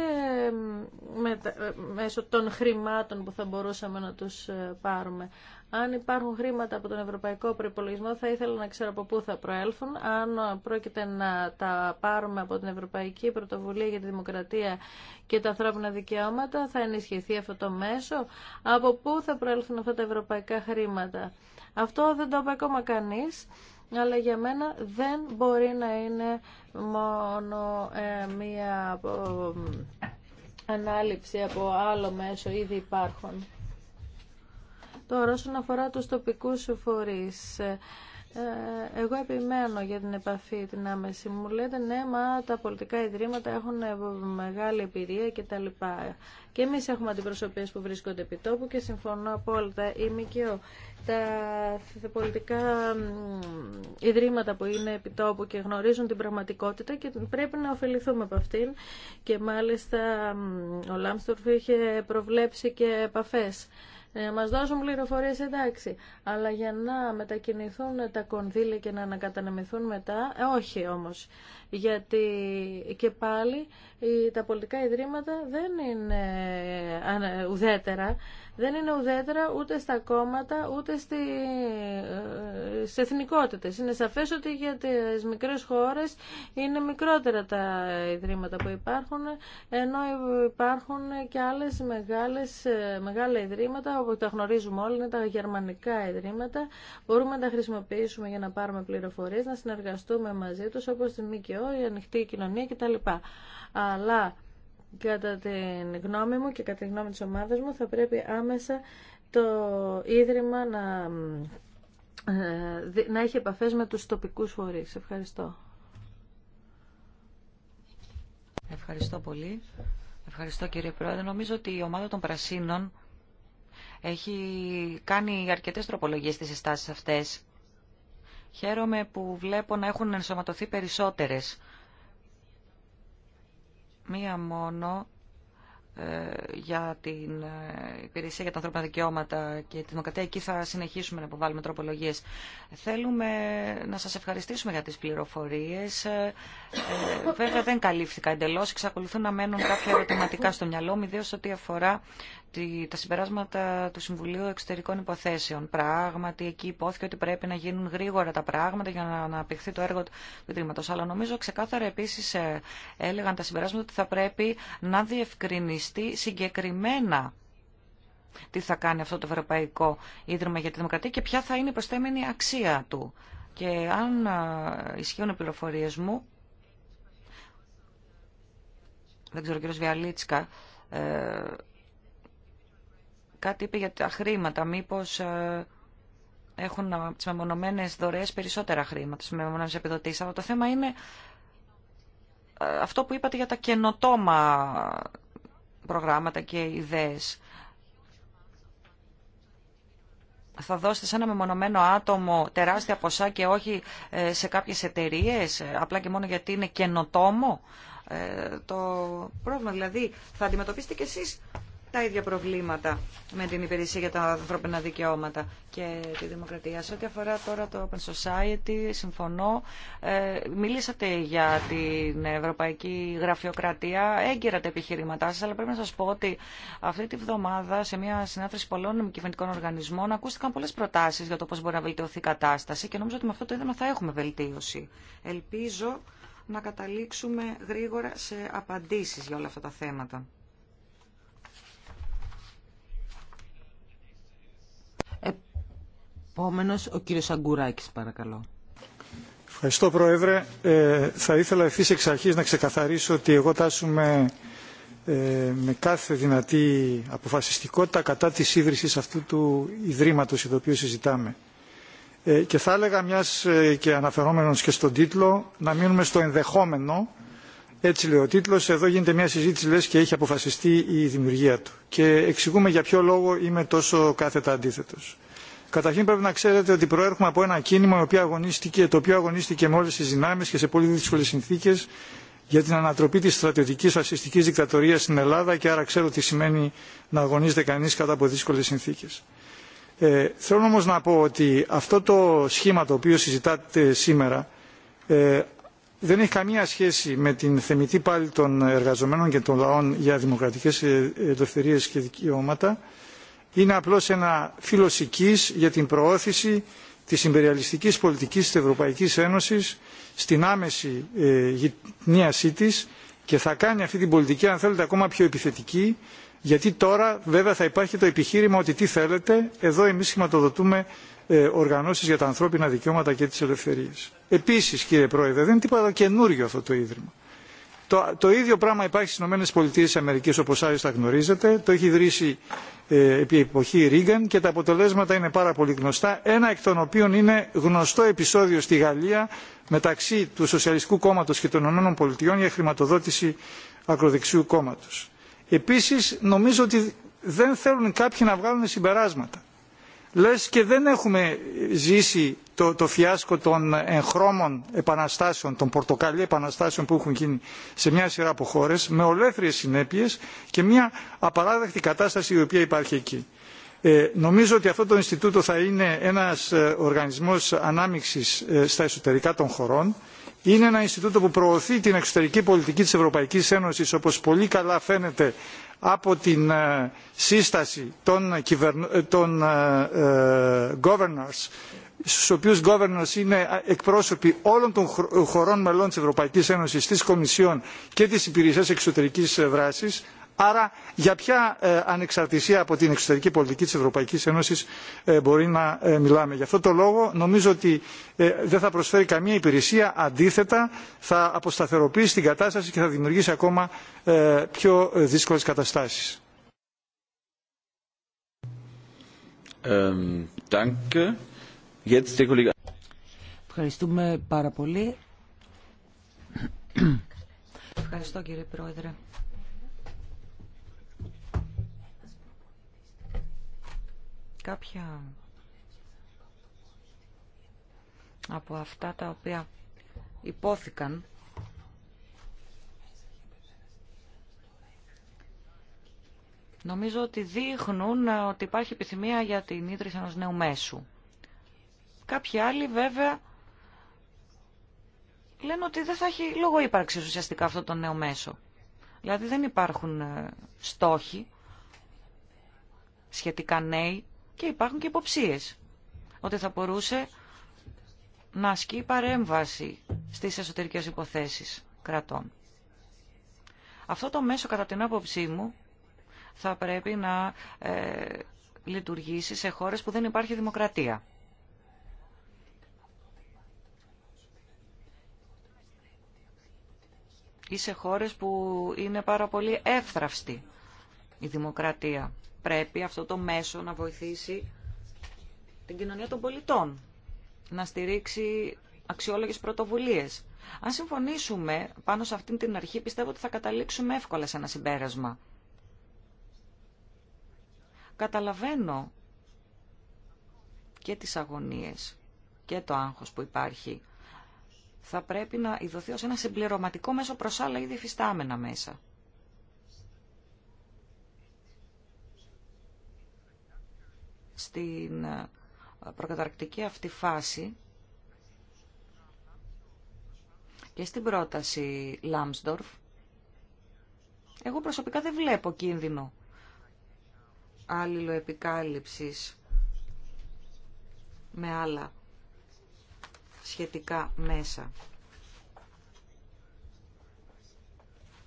ε, μέσω των χρημάτων που θα μπορούσαμε να τους ε, πάρουμε. Αν υπάρχουν χρήματα από τον Ευρωπαϊκό Προπολογισμό, θα ήθελα να ξέρω από πού θα προέλθουν. Αν πρόκειται να τα πάρουμε από την Ευρωπαϊκή Πρωτοβουλία για τη Δημοκρατία και τα ανθρώπινα δικαιώματα, θα ενισχυθεί αυτό το μέσο. Από πού θα προέλθουν αυτά τα ευρωπαϊκά χρήματα. Αυτό δεν το είπε ακόμα κανεί, αλλά για μένα δεν μπορεί να είναι μόνο ε, μία ανάληψη από άλλο μέσο ήδη υπάρχουν. Τώρα όσον αφορά τους τοπικούς φορείς, ε, ε, εγώ επιμένω για την επαφή την άμεση. Μου λέτε ναι, μα τα πολιτικά ιδρύματα έχουν ε, μεγάλη εμπειρία κτλ. Και εμείς έχουμε αντιπροσωπείες που βρίσκονται επί τόπου και συμφωνώ απόλυτα, η ΜΚΟ. Τα πολιτικά ιδρύματα που είναι επί τόπου και γνωρίζουν την πραγματικότητα και πρέπει να ωφεληθούμε από αυτήν. Και μάλιστα ο Λάμστορφ είχε προβλέψει και επαφές να ε, μας δώσουν πληροφορίες εντάξει, αλλά για να μετακινηθούν τα κονδύλια και να ανακατανεμηθούν μετά, ε, όχι όμως. Γιατί και πάλι τα πολιτικά ιδρύματα δεν είναι ε, ουδέτερα δεν είναι ουδέτερα ούτε στα κόμματα ούτε στι ε, στις εθνικότητες. Είναι σαφές ότι για τις μικρές χώρες είναι μικρότερα τα ιδρύματα που υπάρχουν, ενώ υπάρχουν και άλλες μεγάλες, ε, μεγάλα ιδρύματα, όπου τα γνωρίζουμε όλοι, είναι τα γερμανικά ιδρύματα. Μπορούμε να τα χρησιμοποιήσουμε για να πάρουμε πληροφορίες, να συνεργαστούμε μαζί τους, όπως τη ΜΚΟ, η ανοιχτή κοινωνία κτλ. Αλλά Κατά την γνώμη μου και κατά τη γνώμη της ομάδας μου θα πρέπει άμεσα το Ίδρυμα να, ε, να έχει επαφές με τους τοπικούς φορείς. Ευχαριστώ. Ευχαριστώ πολύ. Ευχαριστώ κύριε Πρόεδρε. Νομίζω ότι η ομάδα των Πρασίνων έχει κάνει αρκετές τροπολογίες στις συστάσεις αυτές. Χαίρομαι που βλέπω να έχουν ενσωματωθεί περισσότερες μία μόνο ε, για την ε, υπηρεσία για τα ανθρώπινα δικαιώματα και τη δημοκρατία. Εκεί θα συνεχίσουμε να αποβάλουμε τροπολογίες. Θέλουμε να σας ευχαριστήσουμε για τις πληροφορίες. Ε, βέβαια δεν καλύφθηκα εντελώ. Εξακολουθούν να μένουν κάποια ερωτηματικά στο μυαλό μου, ιδίω ό,τι αφορά τα συμπεράσματα του Συμβουλίου Εξωτερικών Υποθέσεων. Πράγματι, εκεί υπόθηκε ότι πρέπει να γίνουν γρήγορα τα πράγματα για να αναπτυχθεί το έργο του Ιδρύματο. Αλλά νομίζω ξεκάθαρα επίση ε, έλεγαν τα συμπεράσματα ότι θα πρέπει να διευκρινιστεί συγκεκριμένα τι θα κάνει αυτό το Ευρωπαϊκό Ίδρυμα για τη Δημοκρατία και ποια θα είναι η προσθέμενη αξία του. Και αν ε, ισχύουν οι πληροφορίε μου, δεν ξέρω, ο Βιαλίτσκα, ε, κάτι είπε για τα χρήματα. Μήπως ε, έχουν τι τις μεμονωμένες δωρεές περισσότερα χρήματα, τις μεμονωμένες επιδοτήσεις. Αλλά το θέμα είναι ε, αυτό που είπατε για τα καινοτόμα προγράμματα και ιδέες. Θα δώσετε σε ένα μεμονωμένο άτομο τεράστια ποσά και όχι ε, σε κάποιες εταιρείες, απλά και μόνο γιατί είναι καινοτόμο. Το πρόβλημα δηλαδή θα αντιμετωπίσετε κι εσείς τα ίδια προβλήματα με την υπηρεσία για τα ανθρώπινα δικαιώματα και τη δημοκρατία. Σε ό,τι αφορά τώρα το Open Society, συμφωνώ. Ε, μιλήσατε για την ευρωπαϊκή γραφειοκρατία, έγκυρα τα επιχειρήματά σα, αλλά πρέπει να σα πω ότι αυτή τη βδομάδα σε μια συνάθρηση πολλών κυβερνητικών οργανισμών ακούστηκαν πολλέ προτάσει για το πώ μπορεί να βελτιωθεί η κατάσταση και νομίζω ότι με αυτό το είδημα θα έχουμε βελτίωση. Ελπίζω να καταλήξουμε γρήγορα σε απαντήσεις για όλα αυτά τα θέματα. Επόμενος, ο κύριος Αγκουράκης, παρακαλώ. Ευχαριστώ, Πρόεδρε. Ε, θα ήθελα ευθύ εξ αρχής να ξεκαθαρίσω ότι εγώ τάσουμε ε, με κάθε δυνατή αποφασιστικότητα κατά της ίδρυσης αυτού του ιδρύματος για το οποίο συζητάμε. Ε, και θα έλεγα, μιας και αναφερόμενος και στον τίτλο, να μείνουμε στο ενδεχόμενο, έτσι λέει ο τίτλος, εδώ γίνεται μια συζήτηση λες και έχει αποφασιστεί η δημιουργία του. Και εξηγούμε για ποιο λόγο είμαι τόσο κάθετα αντίθετος. Καταρχήν πρέπει να ξέρετε ότι προέρχομαι από ένα κίνημα το οποίο αγωνίστηκε με όλε τι δυνάμει και σε πολύ δύσκολε συνθήκε για την ανατροπή τη στρατιωτική φασιστική δικτατορία στην Ελλάδα και άρα ξέρω τι σημαίνει να αγωνίζεται κανεί κατά από δύσκολε συνθήκε. Ε, θέλω όμω να πω ότι αυτό το σχήμα το οποίο συζητάτε σήμερα ε, δεν έχει καμία σχέση με την θεμητή πάλι των εργαζομένων και των λαών για δημοκρατικές ελευθερίες και δικαιώματα είναι απλώς ένα φιλοσικής για την προώθηση της υπεριαλιστικής πολιτικής της Ευρωπαϊκής Ένωσης στην άμεση ε, γειτνίασή της και θα κάνει αυτή την πολιτική αν θέλετε ακόμα πιο επιθετική γιατί τώρα βέβαια θα υπάρχει το επιχείρημα ότι τι θέλετε εδώ εμείς χρηματοδοτούμε ε, οργανώσεις για τα ανθρώπινα δικαιώματα και τις ελευθερίες. Επίσης κύριε Πρόεδρε δεν είναι τίποτα καινούριο αυτό το Ίδρυμα. Το, ίδιο πράγμα υπάρχει στι ΗΠΑ όπω τα γνωρίζετε. Το έχει ιδρύσει ε, επί εποχή Ρίγκαν και τα αποτελέσματα είναι πάρα πολύ γνωστά. Ένα εκ των οποίων είναι γνωστό επεισόδιο στη Γαλλία μεταξύ του Σοσιαλιστικού Κόμματο και των ΗΠΑ για χρηματοδότηση ακροδεξιού κόμματο. Επίση, νομίζω ότι δεν θέλουν κάποιοι να βγάλουν συμπεράσματα λες και δεν έχουμε ζήσει το, φιάσκο των εγχρώμων επαναστάσεων, των πορτοκαλί επαναστάσεων που έχουν γίνει σε μια σειρά από χώρε, με ολέθριες συνέπειες και μια απαράδεκτη κατάσταση η οποία υπάρχει εκεί. Ε, νομίζω ότι αυτό το Ινστιτούτο θα είναι ένας ε, οργανισμός ανάμειξης ε, στα εσωτερικά των χωρών. Είναι ένα Ινστιτούτο που προωθεί την εξωτερική πολιτική της Ευρωπαϊκής Ένωσης, όπως πολύ καλά φαίνεται από την ε, σύσταση των, ε, των ε, governors στους οποίους governors είναι εκπρόσωποι όλων των χωρών μελών της Ευρωπαϊκής Ένωσης, της Κομισιόν και της Υπηρεσίας Εξωτερικής Δράσης Άρα για ποια ε, ανεξαρτησία από την εξωτερική πολιτική της Ευρωπαϊκής Ένωσης ε, μπορεί να ε, μιλάμε. Γι' αυτό το λόγο νομίζω ότι δεν θα προσφέρει καμία υπηρεσία, αντίθετα θα αποσταθεροποιήσει την κατάσταση και θα δημιουργήσει ακόμα πιο δύσκολες καταστάσεις. Ευχαριστούμε πάρα πολύ. Ευχαριστώ κύριε Πρόεδρε. κάποια από αυτά τα οποία υπόθηκαν νομίζω ότι δείχνουν ότι υπάρχει επιθυμία για την ίδρυση ενός νέου μέσου. Κάποιοι άλλοι βέβαια λένε ότι δεν θα έχει λόγο ύπαρξη ουσιαστικά αυτό το νέο μέσο. Δηλαδή δεν υπάρχουν ε, στόχοι σχετικά νέοι και υπάρχουν και υποψίες ότι θα μπορούσε να ασκεί παρέμβαση στις εσωτερικές υποθέσεις κρατών. Αυτό το μέσο, κατά την άποψή μου, θα πρέπει να ε, λειτουργήσει σε χώρες που δεν υπάρχει δημοκρατία. Ή σε χώρες που είναι πάρα πολύ εύθραυστη η δημοκρατία πρέπει αυτό το μέσο να βοηθήσει την κοινωνία των πολιτών, να στηρίξει αξιόλογες πρωτοβουλίες. Αν συμφωνήσουμε πάνω σε αυτήν την αρχή, πιστεύω ότι θα καταλήξουμε εύκολα σε ένα συμπέρασμα. Καταλαβαίνω και τις αγωνίες και το άγχος που υπάρχει. Θα πρέπει να ιδωθεί ως ένα συμπληρωματικό μέσο προς άλλα ήδη φυστάμενα μέσα. στην ε, προκαταρκτική αυτή φάση και στην πρόταση Λάμσδορφ, εγώ προσωπικά δεν βλέπω κίνδυνο αλληλοεπικάλυψης με άλλα σχετικά μέσα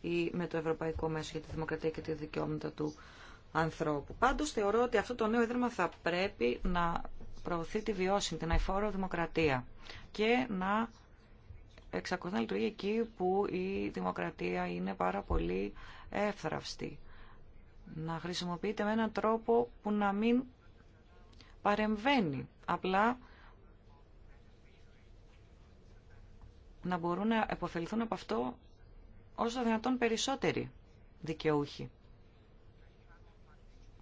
ή με το Ευρωπαϊκό Μέσο για τη Δημοκρατία και τη Δικαιώματα του ανθρώπου. Πάντως θεωρώ ότι αυτό το νέο ίδρυμα θα πρέπει να προωθεί τη βιώσιμη, την αηφόρο δημοκρατία και να εξακολουθεί να λειτουργεί εκεί που η δημοκρατία είναι πάρα πολύ εύθραυστη. Να χρησιμοποιείται με έναν τρόπο που να μην παρεμβαίνει, απλά να μπορούν να επωφεληθούν από αυτό όσο δυνατόν περισσότεροι δικαιούχοι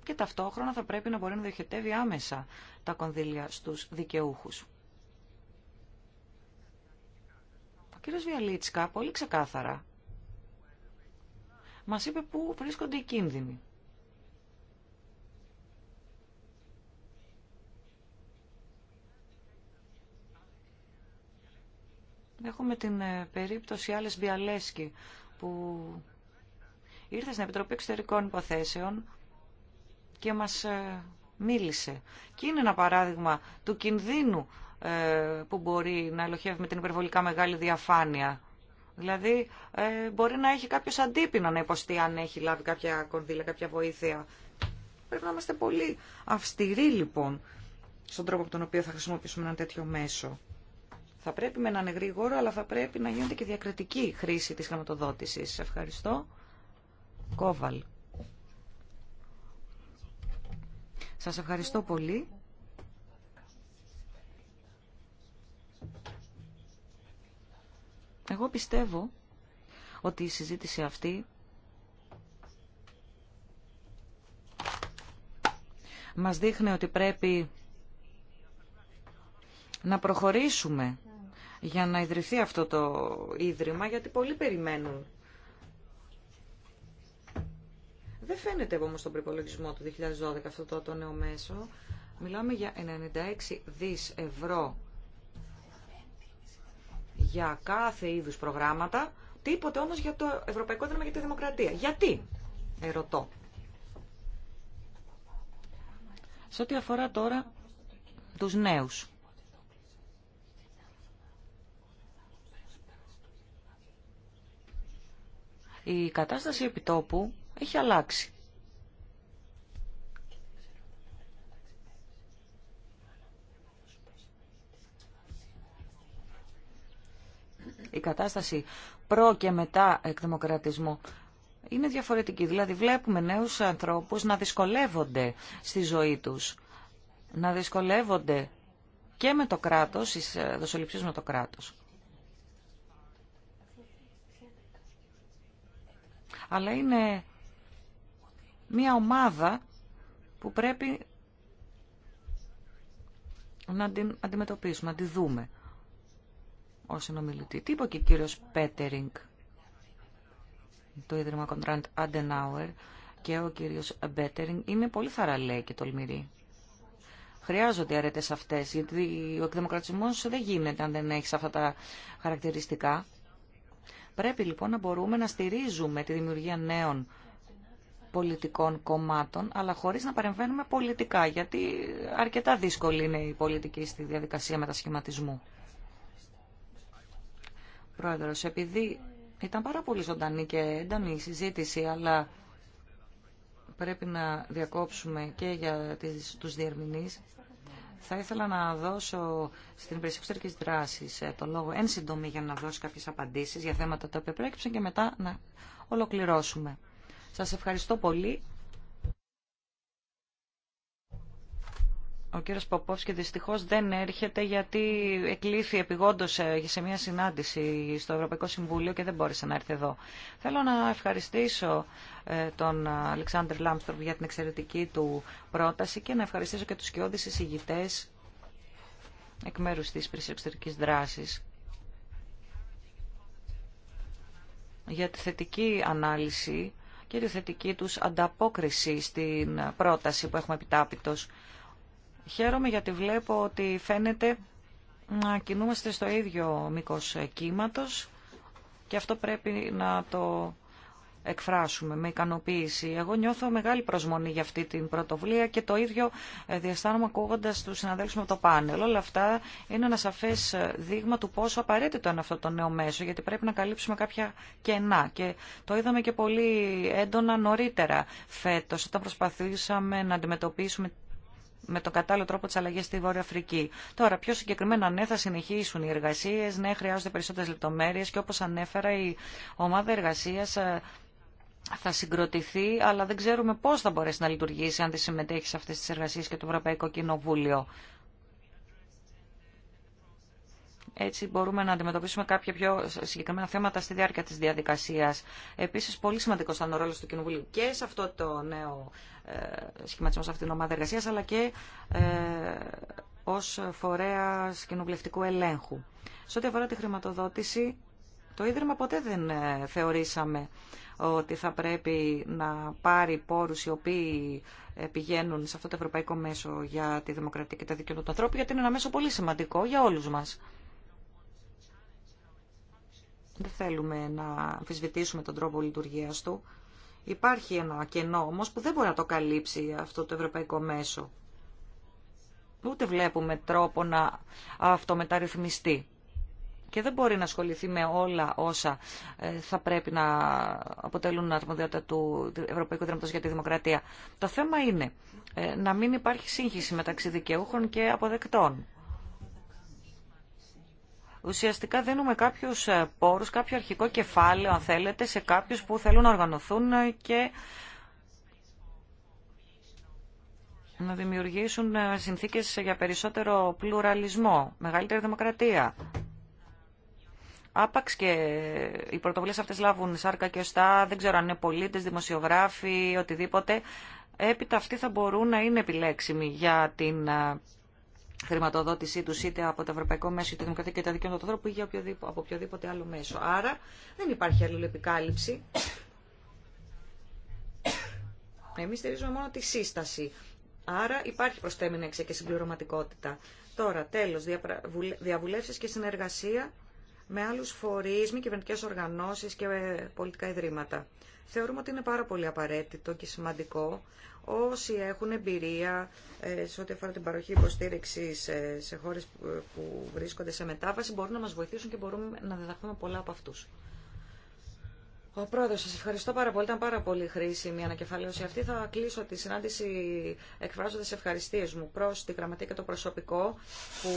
και ταυτόχρονα θα πρέπει να μπορεί να διοχετεύει άμεσα τα κονδύλια στους δικαιούχους. Ο κύριος Βιαλίτσκα πολύ ξεκάθαρα μας είπε πού βρίσκονται οι κίνδυνοι. Έχουμε την ε, περίπτωση Άλες Μπιαλέσκη που ήρθε στην Επιτροπή Εξωτερικών Υποθέσεων και μας ε, μίλησε. Και είναι ένα παράδειγμα του κινδύνου ε, που μπορεί να ελοχεύει με την υπερβολικά μεγάλη διαφάνεια. Δηλαδή ε, μπορεί να έχει κάποιος αντίπεινο να υποστεί αν έχει λάβει κάποια κονδύλα, κάποια βοήθεια. Πρέπει να είμαστε πολύ αυστηροί λοιπόν στον τρόπο από τον οποίο θα χρησιμοποιήσουμε ένα τέτοιο μέσο. Θα πρέπει με έναν γρήγορο, αλλά θα πρέπει να γίνεται και διακριτική χρήση της χρηματοδότησης. Ευχαριστώ. Κόβαλ. Σας ευχαριστώ πολύ. Εγώ πιστεύω ότι η συζήτηση αυτή μας δείχνει ότι πρέπει να προχωρήσουμε για να ιδρυθεί αυτό το ίδρυμα, γιατί πολλοί περιμένουν Δεν φαίνεται όμω στον προπολογισμό του 2012 αυτό το, νέο μέσο. Μιλάμε για 96 δις ευρώ για κάθε είδους προγράμματα, τίποτε όμως για το Ευρωπαϊκό Δήμα για τη Δημοκρατία. Γιατί, ερωτώ. Σε ό,τι αφορά τώρα τους νέους. Η κατάσταση επιτόπου έχει αλλάξει. Η κατάσταση προ και μετά εκδημοκρατισμό είναι διαφορετική. Δηλαδή βλέπουμε νέους ανθρώπους να δυσκολεύονται στη ζωή τους. Να δυσκολεύονται και με το κράτος, στις ε, δοσοληψίες με το κράτος. Αλλά είναι μια ομάδα που πρέπει να την αντιμετωπίσουμε, να τη δούμε ω συνομιλητή. Τι είπε και ο κύριος Πέτερινγκ, το Ίδρυμα Κοντράντ Αντενάουερ και ο κύριος Πέτερινγκ είναι πολύ θαραλέοι και τολμηροί. Χρειάζονται οι αρέτες αυτές, γιατί ο εκδημοκρατισμός δεν γίνεται αν δεν έχει αυτά τα χαρακτηριστικά. Πρέπει λοιπόν να μπορούμε να στηρίζουμε τη δημιουργία νέων πολιτικών κομμάτων, αλλά χωρίς να παρεμβαίνουμε πολιτικά, γιατί αρκετά δύσκολη είναι η πολιτική στη διαδικασία μετασχηματισμού. Πρόεδρος, επειδή ήταν πάρα πολύ ζωντανή και έντονη η συζήτηση, αλλά πρέπει να διακόψουμε και για τις, τους διερμηνείς, θα ήθελα να δώσω στην υπηρεσία δράση ε, το λόγο εν συντομή για να δώσει κάποιες απαντήσεις για θέματα τα οποία προέκυψαν και μετά να ολοκληρώσουμε. Σας ευχαριστώ πολύ. Ο κύριος Ποπόφς και δυστυχώς δεν έρχεται γιατί εκλήθη επιγόντως σε μια συνάντηση στο Ευρωπαϊκό Συμβούλιο και δεν μπόρεσε να έρθει εδώ. Θέλω να ευχαριστήσω ε, τον Αλεξάνδρ Λάμστρομ για την εξαιρετική του πρόταση και να ευχαριστήσω και τους κοιόδης εισηγητές εκ μέρους της εξωτερικής δράσης για τη θετική ανάλυση και τη θετική τους ανταπόκριση στην πρόταση που έχουμε επιτάπητος. Χαίρομαι γιατί βλέπω ότι φαίνεται να κινούμαστε στο ίδιο μήκος κύματος και αυτό πρέπει να το εκφράσουμε με ικανοποίηση. Εγώ νιώθω μεγάλη προσμονή για αυτή την πρωτοβουλία και το ίδιο ε, διαστάνομαι ακούγοντα του συναδέλφου με το πάνελ. Όλα αυτά είναι ένα σαφέ ε, δείγμα του πόσο απαραίτητο είναι αυτό το νέο μέσο, γιατί πρέπει να καλύψουμε κάποια κενά. Και το είδαμε και πολύ έντονα νωρίτερα φέτο, όταν προσπαθήσαμε να αντιμετωπίσουμε με τον κατάλληλο τρόπο τι αλλαγέ στη Βόρεια Αφρική. Τώρα, πιο συγκεκριμένα, ναι, θα συνεχίσουν οι εργασίε, ναι, χρειάζονται περισσότερε λεπτομέρειε και όπω ανέφερα, η ομάδα εργασία ε, θα συγκροτηθεί, αλλά δεν ξέρουμε πώς θα μπορέσει να λειτουργήσει αν δεν συμμετέχει σε αυτές τις εργασίες και το Ευρωπαϊκό Κοινοβούλιο. Έτσι μπορούμε να αντιμετωπίσουμε κάποια πιο συγκεκριμένα θέματα στη διάρκεια της διαδικασίας. Επίσης, πολύ σημαντικό ήταν ο ρόλος του Κοινοβουλίου και σε αυτό το νέο ε, σχηματισμό, σε αυτήν την ομάδα εργασίας, αλλά και ε, ως φορέας κοινοβουλευτικού ελέγχου. Σε ό,τι αφορά τη χρηματοδότηση, το Ίδρυμα ποτέ δεν ε, θεωρήσαμε ότι θα πρέπει να πάρει πόρους οι οποίοι ε, πηγαίνουν σε αυτό το ευρωπαϊκό μέσο για τη δημοκρατία και τα δικαιώματα του ανθρώπου, γιατί είναι ένα μέσο πολύ σημαντικό για όλους μας. Δεν θέλουμε να αμφισβητήσουμε τον τρόπο λειτουργίας του. Υπάρχει ένα κενό όμως που δεν μπορεί να το καλύψει αυτό το ευρωπαϊκό μέσο. Ούτε βλέπουμε τρόπο να αυτομεταρρυθμιστεί και δεν μπορεί να ασχοληθεί με όλα όσα ε, θα πρέπει να αποτελούν αρμοδιότητα του Ευρωπαϊκού για τη Δημοκρατία. Το θέμα είναι ε, να μην υπάρχει σύγχυση μεταξύ δικαιούχων και αποδεκτών. Ουσιαστικά δίνουμε κάποιους ε, πόρους, κάποιο αρχικό κεφάλαιο, αν θέλετε, σε κάποιους που θέλουν να οργανωθούν και να δημιουργήσουν συνθήκες για περισσότερο πλουραλισμό, μεγαλύτερη δημοκρατία, Άπαξ και οι πρωτοβουλίε αυτέ λάβουν σάρκα και οστά, δεν ξέρω αν είναι πολίτε, δημοσιογράφοι, οτιδήποτε. Έπειτα αυτοί θα μπορούν να είναι επιλέξιμοι για την χρηματοδότησή του είτε από το Ευρωπαϊκό Μέσο, είτε Δημοκρατία και τα Δικαιώματα του Ανθρώπου ή για οποιοδήποτε, από οποιοδήποτε άλλο μέσο. Άρα δεν υπάρχει αλληλοεπικάλυψη. Εμεί στηρίζουμε μόνο τη σύσταση. Άρα υπάρχει προστέμινη και συμπληρωματικότητα. Τώρα, τέλος, διαβουλεύσεις και συνεργασία με άλλους φορείς, μη κυβερνητικέ οργανώσεις και ε, πολιτικά ιδρύματα. Θεωρούμε ότι είναι πάρα πολύ απαραίτητο και σημαντικό όσοι έχουν εμπειρία ε, σε ό,τι αφορά την παροχή υποστήριξη ε, σε χώρες που βρίσκονται σε μετάβαση μπορούν να μας βοηθήσουν και μπορούμε να διδαχθούμε πολλά από αυτούς. Ο πρόεδρο, σα ευχαριστώ πάρα πολύ. Ήταν πάρα πολύ χρήσιμη η ανακεφαλαίωση αυτή. Θα κλείσω τη συνάντηση εκφράζοντα ευχαριστίε μου προ τη Γραμματεία και το προσωπικό που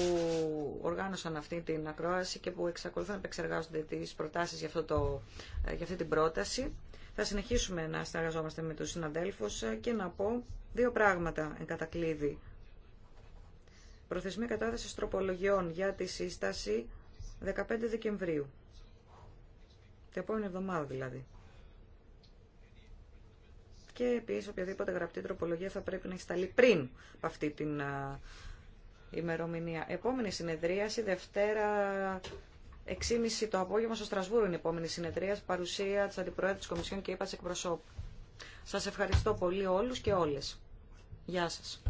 οργάνωσαν αυτή την ακρόαση και που εξακολουθούν να επεξεργάζονται τι προτάσει για, για αυτή την πρόταση. Θα συνεχίσουμε να συνεργαζόμαστε με του συναδέλφου και να πω δύο πράγματα εν κατακλείδη. Προθεσμία κατάθεση τροπολογιών για τη σύσταση 15 Δεκεμβρίου την επόμενη εβδομάδα δηλαδή. Και επίση οποιαδήποτε γραπτή τροπολογία θα πρέπει να έχει πριν από αυτή την ημερομηνία. Επόμενη συνεδρίαση, Δευτέρα 6.30 το απόγευμα στο Στρασβούργο είναι η επόμενη συνεδρία, παρουσία της Αντιπρόεδρου της Κομισιόν και είπα εκπροσώπου. Σας ευχαριστώ πολύ όλους και όλες. Γεια σας.